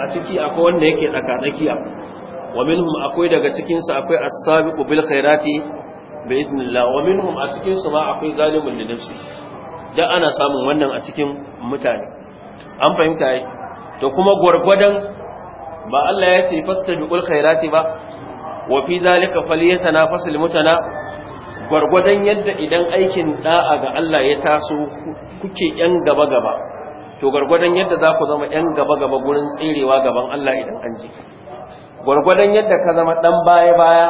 a ciki akwai wanda yake tsaka tsakiya wa minhum akwai daga cikin sa akwai as-sabiqu bil khairati bi idnillah wa minhum a cikin ma akwai zalimin li nafsi ana samun wannan a cikin mutane an fahimta yi to kuma gwargwadon ba Allah ya ce fastabiqul khairati ba wa fi zalika falyatanafasul mutana gwargwadon yadda idan aikin da'a ga Allah ya taso kuke yan gaba gaba to gwargwadon yadda za ku zama yan gaba gaba gurin tserewa gaban Allah idan an ji gwargwadon yadda ka zama dan baya baya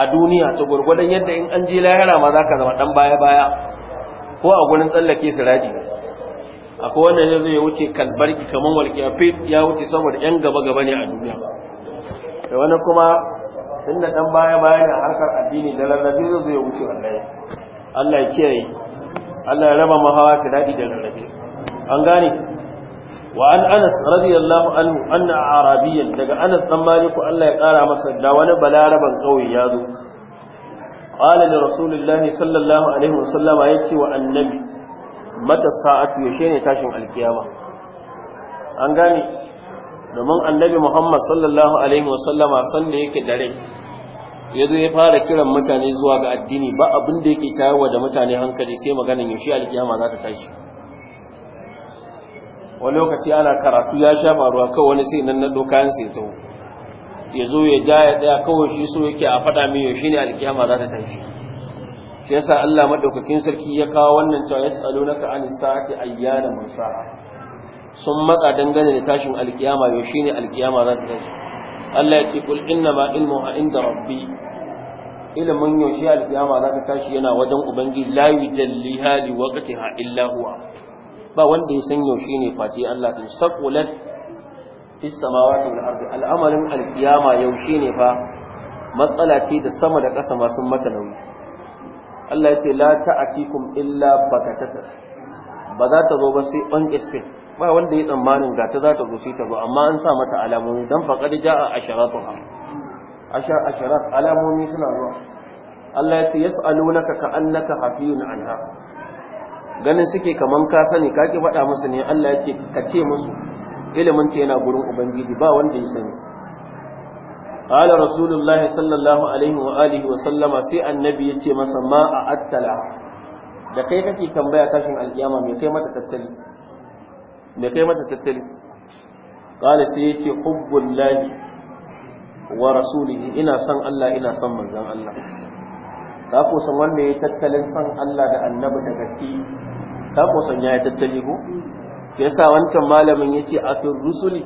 a duniya ta gurgudan yadda in an je lahira ma za ka zama ɗan baya baya ko a gurin tsallake siradi akwai wanda ya zai wuce kalbar kamar walƙiyafi ya wuce saboda yan gaba gaba ne a duniya da wani kuma da ɗan baya baya ne harkar addini da lallabi zai zai wuce wallahi Allah ya kiyaye Allah ya raba mahawa siradi da lallabi an gane وعن أنس رضي الله عنه أن عربيا دقى أنس بن مالك الله يقال مسجد وانا بلاربا قوي يادو قال لرسول الله صلى الله عليه وسلم أيتي والنبي متى الساعة يشين تاشم القيامة أنقاني domin annabi Muhammad sallallahu alaihi wasallama san da yake dare zo ya fara kiran mutane zuwa ga addini ba abin da yake tayarwa da mutane hankali sai maganin yaushe alkiyama za ta tashi wani lokaci ana karatu ya sha faruwa kawai wani sai nan na dokan sai to ya zo ya ja ya tsaya kawai shi so yake a faɗa min yau shine alkiyama za ta tashi shi yasa Allah madaukakin sarki ya kawo wannan cewa yas'alunaka anis sa'ati ayyana mursaha sun matsa dangane da tashin alkiyama yau shine alkiyama za ta tashi Allah ya ce kul inna ma ilmu a inda rabbi ilimin yaushe alkiyama za ta tashi yana wajen ubangiji la yujalliha liwaqtiha illa huwa ba wanda ya san yaushe ne face Allah din saqulat fis samawati wal ardi al'amarin alkiyama yaushe ne fa matsala ce da sama da ƙasa ma sun mata nauyi Allah ya ce la ta'atikum illa bakatata ba za ta zo ba sai on expect ba wanda ya tsammanin ga ta za ta zo sai ta zo amma an sa mata alamomi dan faqad ja'a asharatuha ashar asharat alamomi suna zuwa Allah ya ce yas'alunaka ka'annaka hafiyun anha ganin suke kaman ka sani ka ki faɗa musu ne Allah ya ce ka ce musu ilimin ce yana gurin ubangiji ba wanda ya sani qala rasulullahi sallallahu alaihi wa alihi wa sallama sai annabi ya ce masa ma a attala da kai kake tambaya tashin alkiyama me kai mata tattali me kai mata tattali qala sai ya ce wa rasulihi ina son Allah ina son manzon Allah ka san wanda ya tattalin son Allah da annabi da gaske ka kosan ya yi tattali ko sai yasa wancan malamin ya ce a afir rusuli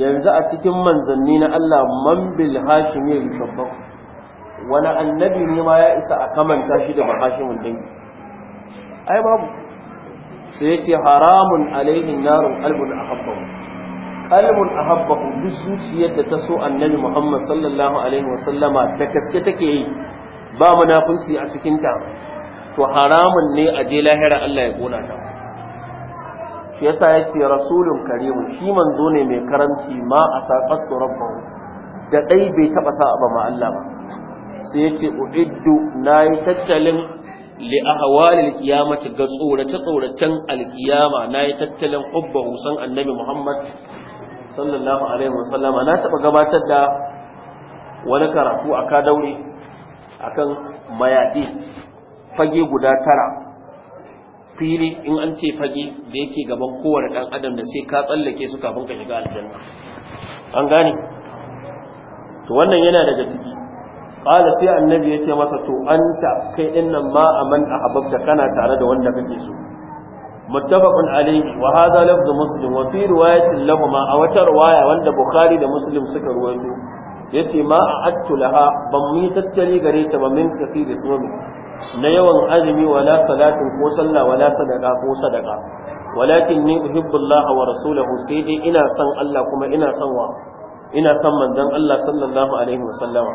yanzu a cikin manzanni na Allah man bil hashim ya yusabba wani annabi ne ma ya isa a kamanta shi da bahashimin dangi ai babu sai ce haramun alaihim narun qalbun ahabbahu a ahabbahu duk zuciyar da ta so annabi Muhammad sallallahu alaihi wasallama ta kaske take yi ba munafunci a cikin ta to haramun ne a je lahira Allah ya kona ta shi yasa yake rasulun Karimu shi manzo ne mai karanci ma a saqatu rabbahu da dai bai taba sa'a ba ma Allah ba sai yace uiddu nayi tattalin li ahwalil qiyamati ga tsorace tsoracen alqiyama nayi tattalin hubbahu san annabi Muhammad sallallahu alaihi wasallama na taba gabatar da wani karatu a kadaure akan mayadi fage guda tara fili in an ce fage da yake gaban kowane ɗan adam da sai ka tsallake su kafin ka shiga aljanna an gane to wannan yana daga ciki qala sai annabi ya ce masa to anta kai din nan ma aman ahbabta kana tare da wanda kake so muttafaqun alayhi wa hadha lafz muslim wa fi riwayatin lahumma a wata riwaya wanda bukhari da muslim suka ruwaito yace ma a'attu laha ban mi tattali gare ta ba min kafi da suwami na yawan azumi wala salatin ko sallah wala sadaqa ko sadaqa walakin ni uhibbu Allah wa rasuluhu sai dai ina son Allah kuma ina son wa ina son manzon Allah sallallahu alaihi wasallama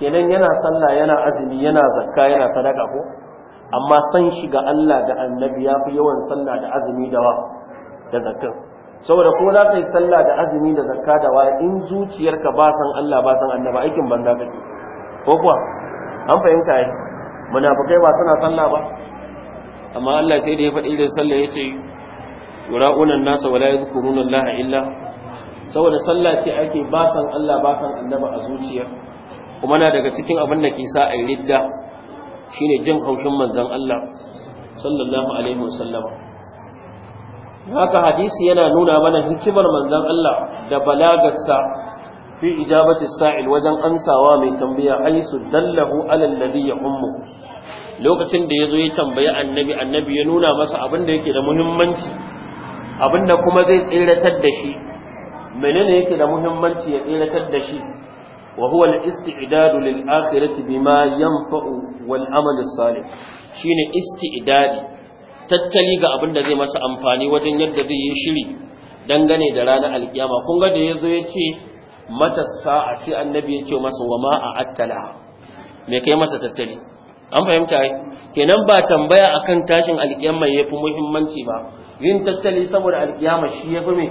kenan yana sallah yana azumi yana zakka yana sadaqa ko amma san shi ga Allah da annabi ya fi yawan sallah da azumi da wa da zakka saboda ko za ka yi sallah da azumi da zakka da wa in zuciyarka ba san Allah ba san annabi aikin banza kake ko kuwa an fahimta yi munafikai ba suna sallah ba amma Allah sai da ya faɗi da sallah yace yura'una an-nasa wala yadhkuruna Allah illa saboda sallah ce ake ba san Allah ba san annaba a zuciya kuma na daga cikin abin da ke sa ai ridda shine jin haushin manzon Allah sallallahu alaihi wasallama haka hadisi yana nuna mana hikimar manzon Allah da balagarsa fi ijabati sa'il wajen ansawa mai tambaya su dallahu ala ya yahummu lokacin da yazo ya tambayi annabi annabi ya nuna masa abin da yake da muhimmanci abin da kuma zai tsiratar da shi menene yake da muhimmanci ya tsiratar da shi wa huwa al-istidad lil akhirati bima yanfa'u wal amal salih shine istidadi tattali ga abin da zai masa amfani wajen yadda zai yi shiri dangane da ranar alkiyama kun ga da yazo ya ce mata sa'a sai annabi ya ce masa wa ma a attala me kai masa tattali an fahimta yi kenan ba tambaya akan tashin alƙiyama ya fi muhimmanci ba yin tattali saboda alƙiyama shi ya fi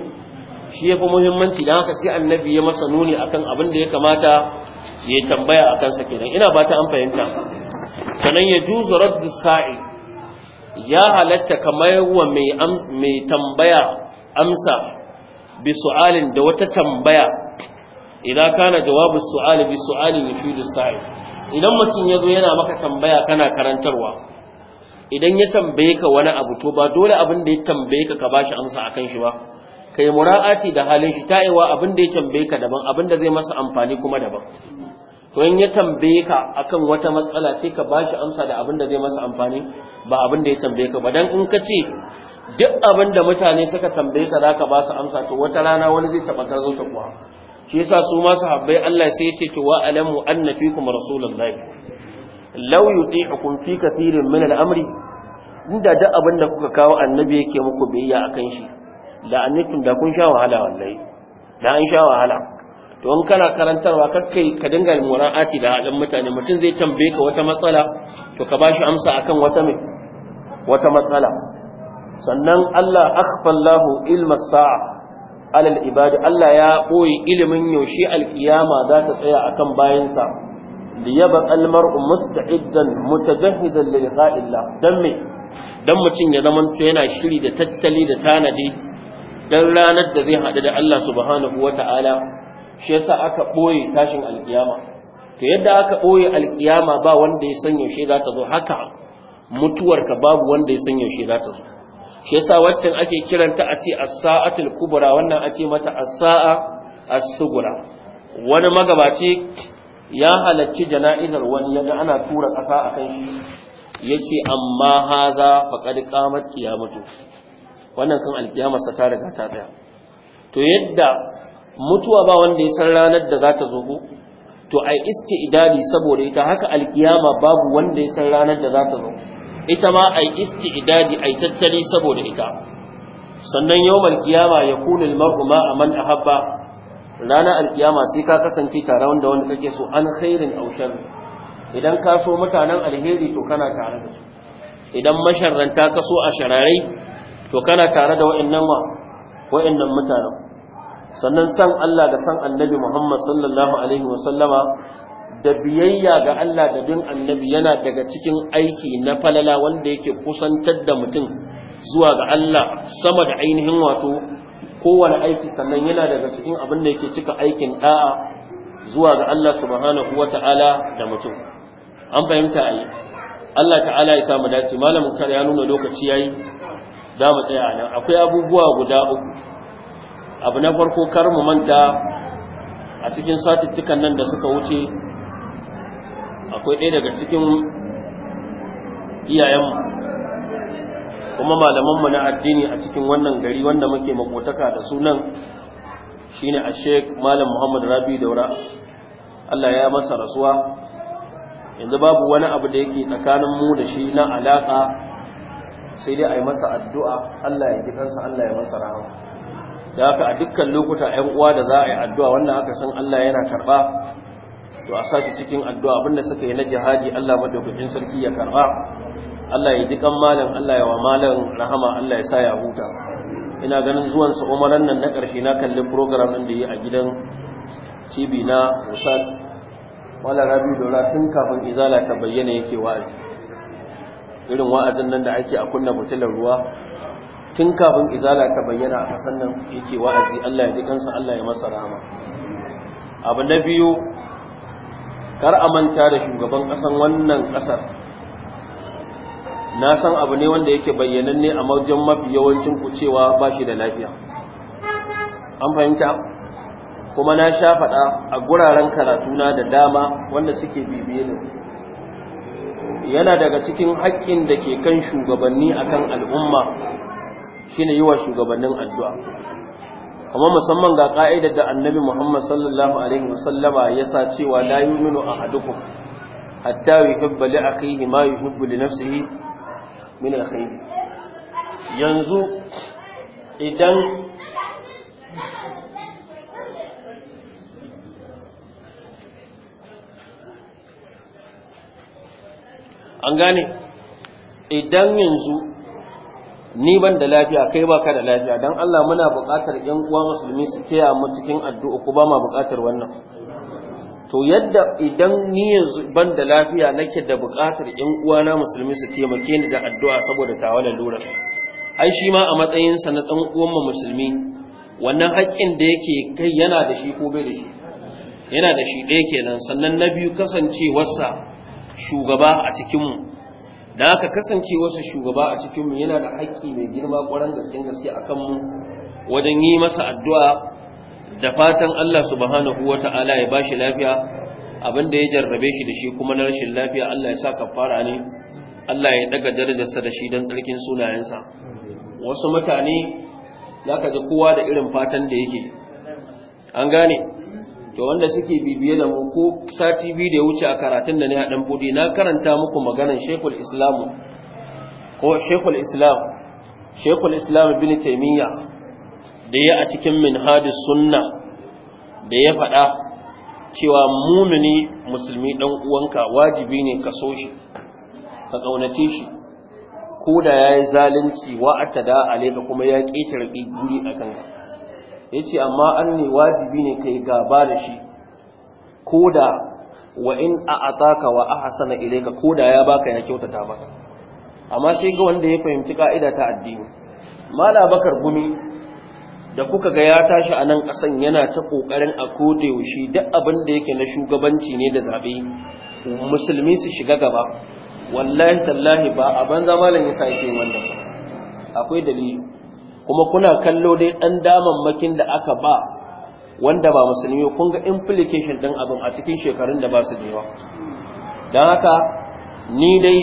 shi ya fi muhimmanci don haka sai annabi ya masa nuni akan abin da ya kamata ya tambaya akan sa kenan ina ba ta an fahimta sannan ya juzu raddu sa'i ya halatta kamar wa mai tambaya amsa bi su'alin da wata tambaya idan kana jawabu su'ali bi su'ali yufidu sa'i idan mutum yazo yana maka tambaya kana karantarwa idan ya tambaye ka wani abu to ba dole abin da ya tambaye ka ka bashi amsa akan shi ba kai mura'ati da halin shi ta aiwa abin da ya tambaye ka daban abin da zai masa amfani kuma daban to in ya tambaye ka akan wata matsala sai ka bashi amsa da abin da zai masa amfani ba abin da ya tambaye ka ba dan in ka ce duk abin da mutane suka tambaye ka zaka ba su amsa to wata rana wani zai taba zo ta kuwa shi yasa su ma sahabbai Allah sai ya ce to wa alamu anna fikum rasulullahi law yuti'ukum fi kathirin min al-amri inda duk abin da kuka kawo annabi yake muku biyayya akan shi la'anitum da kun sha wahala wallahi da an sha wahala to in kana karantarwa kakkai ka dinga mura'ati da halin mutane mutum zai tambaye ka wata matsala to ka bashi amsa akan wata mai wata matsala sannan Allah akhfallahu ilma sa'a alal ibadi Allah ya ɓoye ilimin yaushe alƙiyama za ta tsaya akan bayansa li yaba almar'u musta'iddan mutajahidan lil dan me dan mutum ya zama yana shiri da tattali da tanadi dan ranar da zai haɗu da Allah subhanahu wata'ala shi yasa aka ɓoye tashin alƙiyama to yadda aka ɓoye alƙiyama ba wanda ya san yaushe za ta zo haka mutuwarka babu wanda ya san yaushe za ta zo shi yasa waccan ake kiranta a ce as-sa'atul kubra wannan ake mata as-sa'a as-sugura wani magabaci ya halarci jana'izar wani yaga ana tura ƙasa akan shi yace amma haza faqad qamat qiyamatu wannan kan alkiyama sa ta riga ta daya to yadda mutuwa ba wanda ya san ranar da za ta zo ko to ai idadi saboda ita haka alkiyama babu wanda ya san ranar da za ta zo ita ma ai isti'dadi ai tattali saboda ita sannan yawmal qiyama yakunu al-mar'u a man ahabba ranar alkiyama sai ka kasance tare wanda wanda kake so an khairin aw idan ka so mutanen alheri to kana tare da su idan masharranta ka so a shararai to kana tare da wa'annan wa wa'annan mutanen sannan san Allah da san Annabi Muhammad sallallahu alaihi wa sallama. da biyayya ga Allah da bin annabi yana daga cikin aiki na falala wanda yake kusantar da mutum zuwa ga Allah sama da ainihin wato kowane aiki sannan yana daga cikin abin da yake cika aikin da'a zuwa ga Allah subhanahu ta'ala da mutum an fahimta a Allah ta'ala ya samu dace malamin kar ya nuna lokaci yayi za mu tsaya nan akwai abubuwa guda uku abu na farko kar mu manta a cikin satuttukan nan da suka wuce akwai ɗaya daga cikin iyayenmu kuma malamanmu na addini a cikin wannan gari wanda muke makotaka da sunan shine a sheik malam muhammad rabi daura allah ya masa rasuwa yanzu babu wani abu da yake tsakanin mu da shi na alaƙa sai dai a yi masa addu'a allah ya gidansa allah ya masa rahama da haka a dukkan lokuta 'yan uwa da za a yi addu'a wannan haka san allah yana karɓa to a sake cikin addu'a abinda suka yi na jihadi Allah madaukakin sarki ya karba Allah ya ji kan malam Allah ya wa malam rahama Allah ya sa ya huta ina ganin zuwan sa umaran nan na karshe na kalli program din da yi a gidan cibi na Usad wala rabi dola tun kafin izala ta bayyana yake wa'azi irin wa'azin nan da ake a kunna mutulan ruwa tun kafin izala ta bayyana a kasan nan yake wa'azi Allah ya ji kansa Allah ya masa rahama abu na biyu kar a manta da shugaban ƙasan wannan ƙasar na san abu ne wanda yake bayyananne a marjan mafi yawancin ku cewa ba shi da lafiya an fahimta kuma na sha faɗa a guraren karatuna da dama wanda suke bibiye ne yana daga cikin haƙƙin da ke kan shugabanni akan al'umma shine yi wa shugabannin addu'a amma musamman ga ka'idar da annabi Muhammad sallallahu alaihi wasallama ya sa cewa la yu'minu ahadukum hatta yuhibba li akhihi ma yuhibbu li nafsihi min al-khayr yanzu idan an gane idan yanzu ni ban da lafiya kai baka da lafiya dan Allah muna buƙatar ƴan uwa musulmi su taya mu cikin addu'a ko ba ma buƙatar wannan to yadda idan ni yanzu ban da lafiya nake da buƙatar yan uwa na musulmi su taimake ni da addu'a saboda tawa lura. ai shi ma a matsayin sa na ɗan uwan mu musulmi wannan haƙƙin da yake kai yana da shi ko bai da shi yana da shi ɗaya kenan sannan na biyu kasancewarsa shugaba a cikin mu da aka kasance wasu shugaba a cikinmu yana da haƙƙi mai girma ƙwarar gaske gaske a kanmu wajen yi masa addu'a da fatan Allah subhanahu wa ta'ala ya ba shi lafiya abin da ya jarrabe shi da shi kuma na rashin lafiya Allah ya sa fara ne Allah ya daga darajarsa da shi don tsarkin sunayensa wasu mutane za ka ga kowa da irin fatan da yake an gane to wanda suke bibiye da mu ko sati biyu da ya wuce a karatun da ne a dan bude na karanta muku maganar Sheikhul Islam ko Sheikhul Islam Sheikhul Islam Ibn Taymiyyah da ya a cikin Minhajus Sunna da ya faɗa cewa mumini musulmi dan uwanka wajibi ne ka so shi ka kaunace shi ko da yayi zalunci wa atada alayka kuma ya ƙetare guri akan ka ya ce amma an ne wajibi ne kai gaba da shi ko da wa in a ataka wa ahsana ilayka ko da ya baka ya kyautata maka amma shi ga wanda ya fahimci ka'ida ta addini mala bakar gumi da kuka ga ya tashi a nan ƙasan yana ta ƙoƙarin a koda yaushe duk abin da yake na shugabanci ne da zaɓe musulmi su shiga gaba wallahi tallahi ba a banza malam ya sa yake wannan akwai dalili kuma kuna kallo dai dan damammakin da aka ba wanda ba musulmi kun ga implication din abin a cikin shekarun da ba su da yawa dan haka ni dai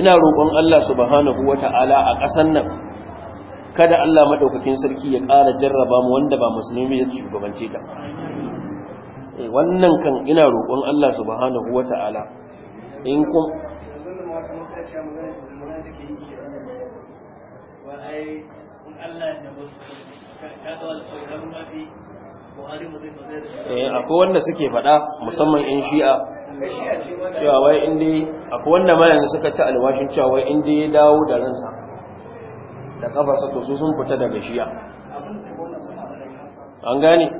ina roƙon Allah subhanahu wata'ala a ƙasan nan kada Allah madaukakin sarki ya ƙara jarraba mu wanda ba musulmi ya shugabance ta eh, wannan kan ina roƙon Allah subhanahu wata'ala in kun you. Eh, akwai wanda suke faɗa musamman 'yan shi'a cewa wai inda akwai wanda ma suka ci alwashin cewa wai inda ya dawo da ransa da kafarsa to su sun fita daga shi'a an gane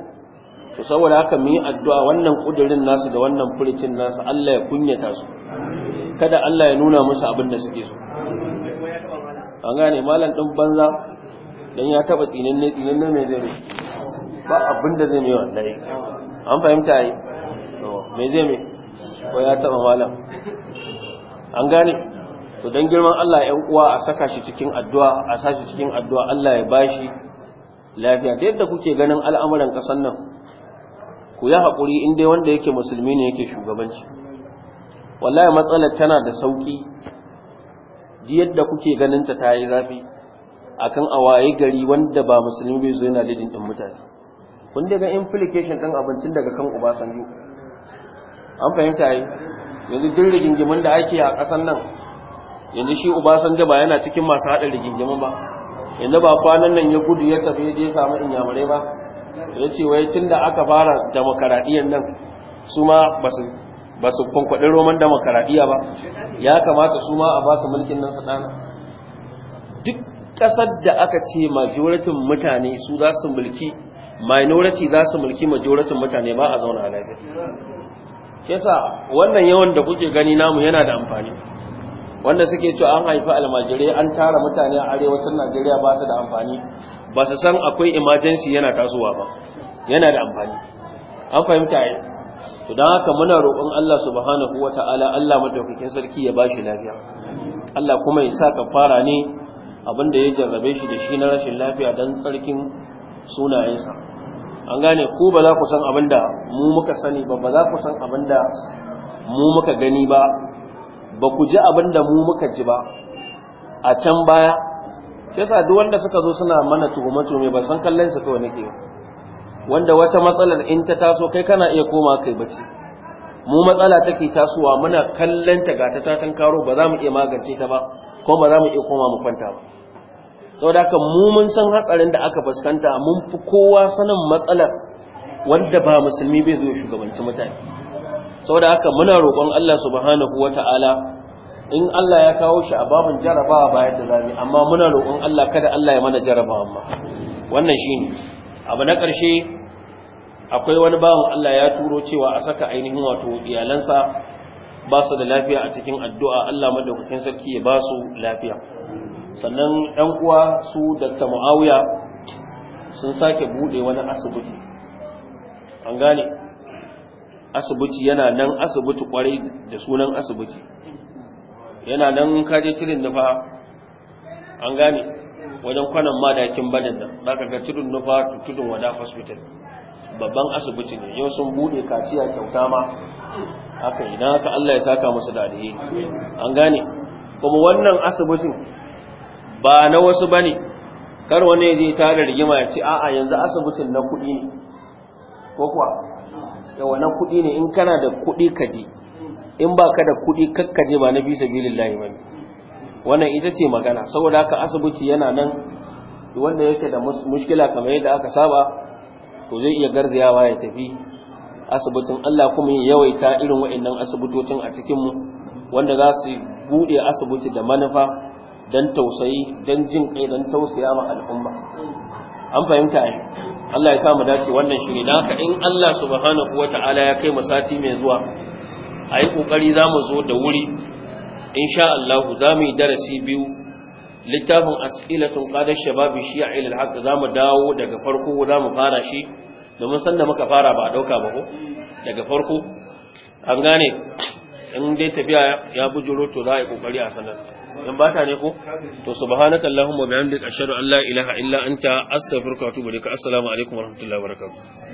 su saboda haka mu yi addu'a wannan kudirin nasu da wannan furicin nasu Allah ya kunyata su kada Allah ya nuna musu abin da suke so an gane malam ɗin banza dan ya taba tsinin ne tsinin ne mai zai ba abin da zai mai wallahi an fahimta yi mai zai mai ko ya taba malam an gane to dan girman Allah 'yan uwa a saka shi cikin addu'a a sa shi cikin addu'a Allah ya bashi lafiya da yadda kuke ganin al'amuran kasan nan ku yi haƙuri in dai wanda yake musulmi ne yake shugabanci wallahi matsalar tana da sauƙi yadda kuke ganin ta ta yi zafi akan awaye gari wanda ba musulmi bai zo yana lidin din mutane kun daga implication din abincin daga kan Obasanjo an fahimta yi yanzu duk rigingimin da ake a kasan nan yanzu shi Obasanjo ba yana cikin masu haɗa rigingimin ba yanzu ba kwanan nan ya gudu ya tafi ya je samu inyamurai ba ya ce wai tun da aka fara demokaradiyyar nan su ma ba su kwankwaɗi roman demokaradiyya ba ya kamata su ma a ba su mulkin nan su ɗana duk Kasar da aka ce majoritin mutane su za su mulki minority za su mulki majoritin mutane ba a zauna a lafiya kesa wannan yawan da kuke gani namu yana da amfani wanda suke cewa an haifi almajire an tara mutane a arewacin Najeriya ba su da amfani ba su san akwai emergency yana tasowa ba yana da amfani an fahimta yi to don haka muna roƙon Allah subhanahu wata'ala Allah madaukakin sarki ya ba shi lafiya Allah kuma ya sa ka fara ne abinda ya jarrabe shi da shi na rashin lafiya don tsarkin sunayensa an gane ku ba za ku san abinda mu muka sani ba ba za ku san abinda mu muka gani ba ba ku ji abinda mu muka ji ba a can baya shi sa duk wanda suka zo suna mana tuhume ba san kallon su kawai nake wanda wata matsalar in ta taso kai kana iya koma kai bace mu matsala take tasowa muna kallon ga ta tatan karo ba za mu iya magance ta ba ko ba za mu iya koma mu kwanta ba saboda haka mu mun san hatsarin da aka fuskanta mun fi kowa sanin matsalar wanda ba musulmi bai zo shugabanci mutane saboda haka muna roƙon Allah subhanahu wata'ala in Allah ya kawo shi a babin jarabawa ba yadda zami amma muna roƙon Allah kada Allah ya mana jarabawa amma wannan shine abu na ƙarshe akwai wani bawan Allah ya turo cewa a saka ainihin wato iyalansa ba su da lafiya a cikin addu'a Allah madaukakin sarki ya ba su lafiya sannan yan uwa su Dr. Muawiya sun sake bude wani asibiti an gane asibiti yana nan asibiti kwarai da sunan asibiti yana nan kaje cirin nufa an gane wajen kwanan madakin banin nan ka ga cirin nufa tudun wada hospital babban asibiti ne yau sun bude kaciya kyauta ma haka idan haka Allah ya saka musu da an gane kuma wannan asibitin ba na wasu ba ne kar wani ya je tare rigima ya ce a'a yanzu asibitin na kuɗi ne ko kuwa yawa na kuɗi ne in kana da kuɗi ka je in ba ka da kuɗi kakka je ba na fi sabilin layi ba wannan ita ce magana saboda haka asibiti yana nan wanda yake da mushkila kamar yadda aka saba to zai iya garzayawa ya tafi asibitin Allah kuma ya yawaita irin waɗannan asibitocin a cikinmu wanda za su buɗe asibiti da manufa dan tausayi dan jin kai dan tausaya ma al'umma an fahimta ai Allah ya sa mu dace wannan shiri da haka in Allah subhanahu wata'ala ya kai mu sati mai zuwa ayi kokari mu zo da wuri insha Allah mu yi darasi biyu littafin as'ilatun qadash shabab shi'a ila al-haq mu dawo daga farko za mu fara shi domin sanda muka fara ba dauka ba ko daga farko an gane in dai tafiya ya bujuro to za a yi kokari a sanar in ba ta ne ko to subhanaka allahumma bihamdika ashhadu an la ilaha illa anta astaghfiruka wa atubu ilaik assalamu alaikum wa wabarakatuh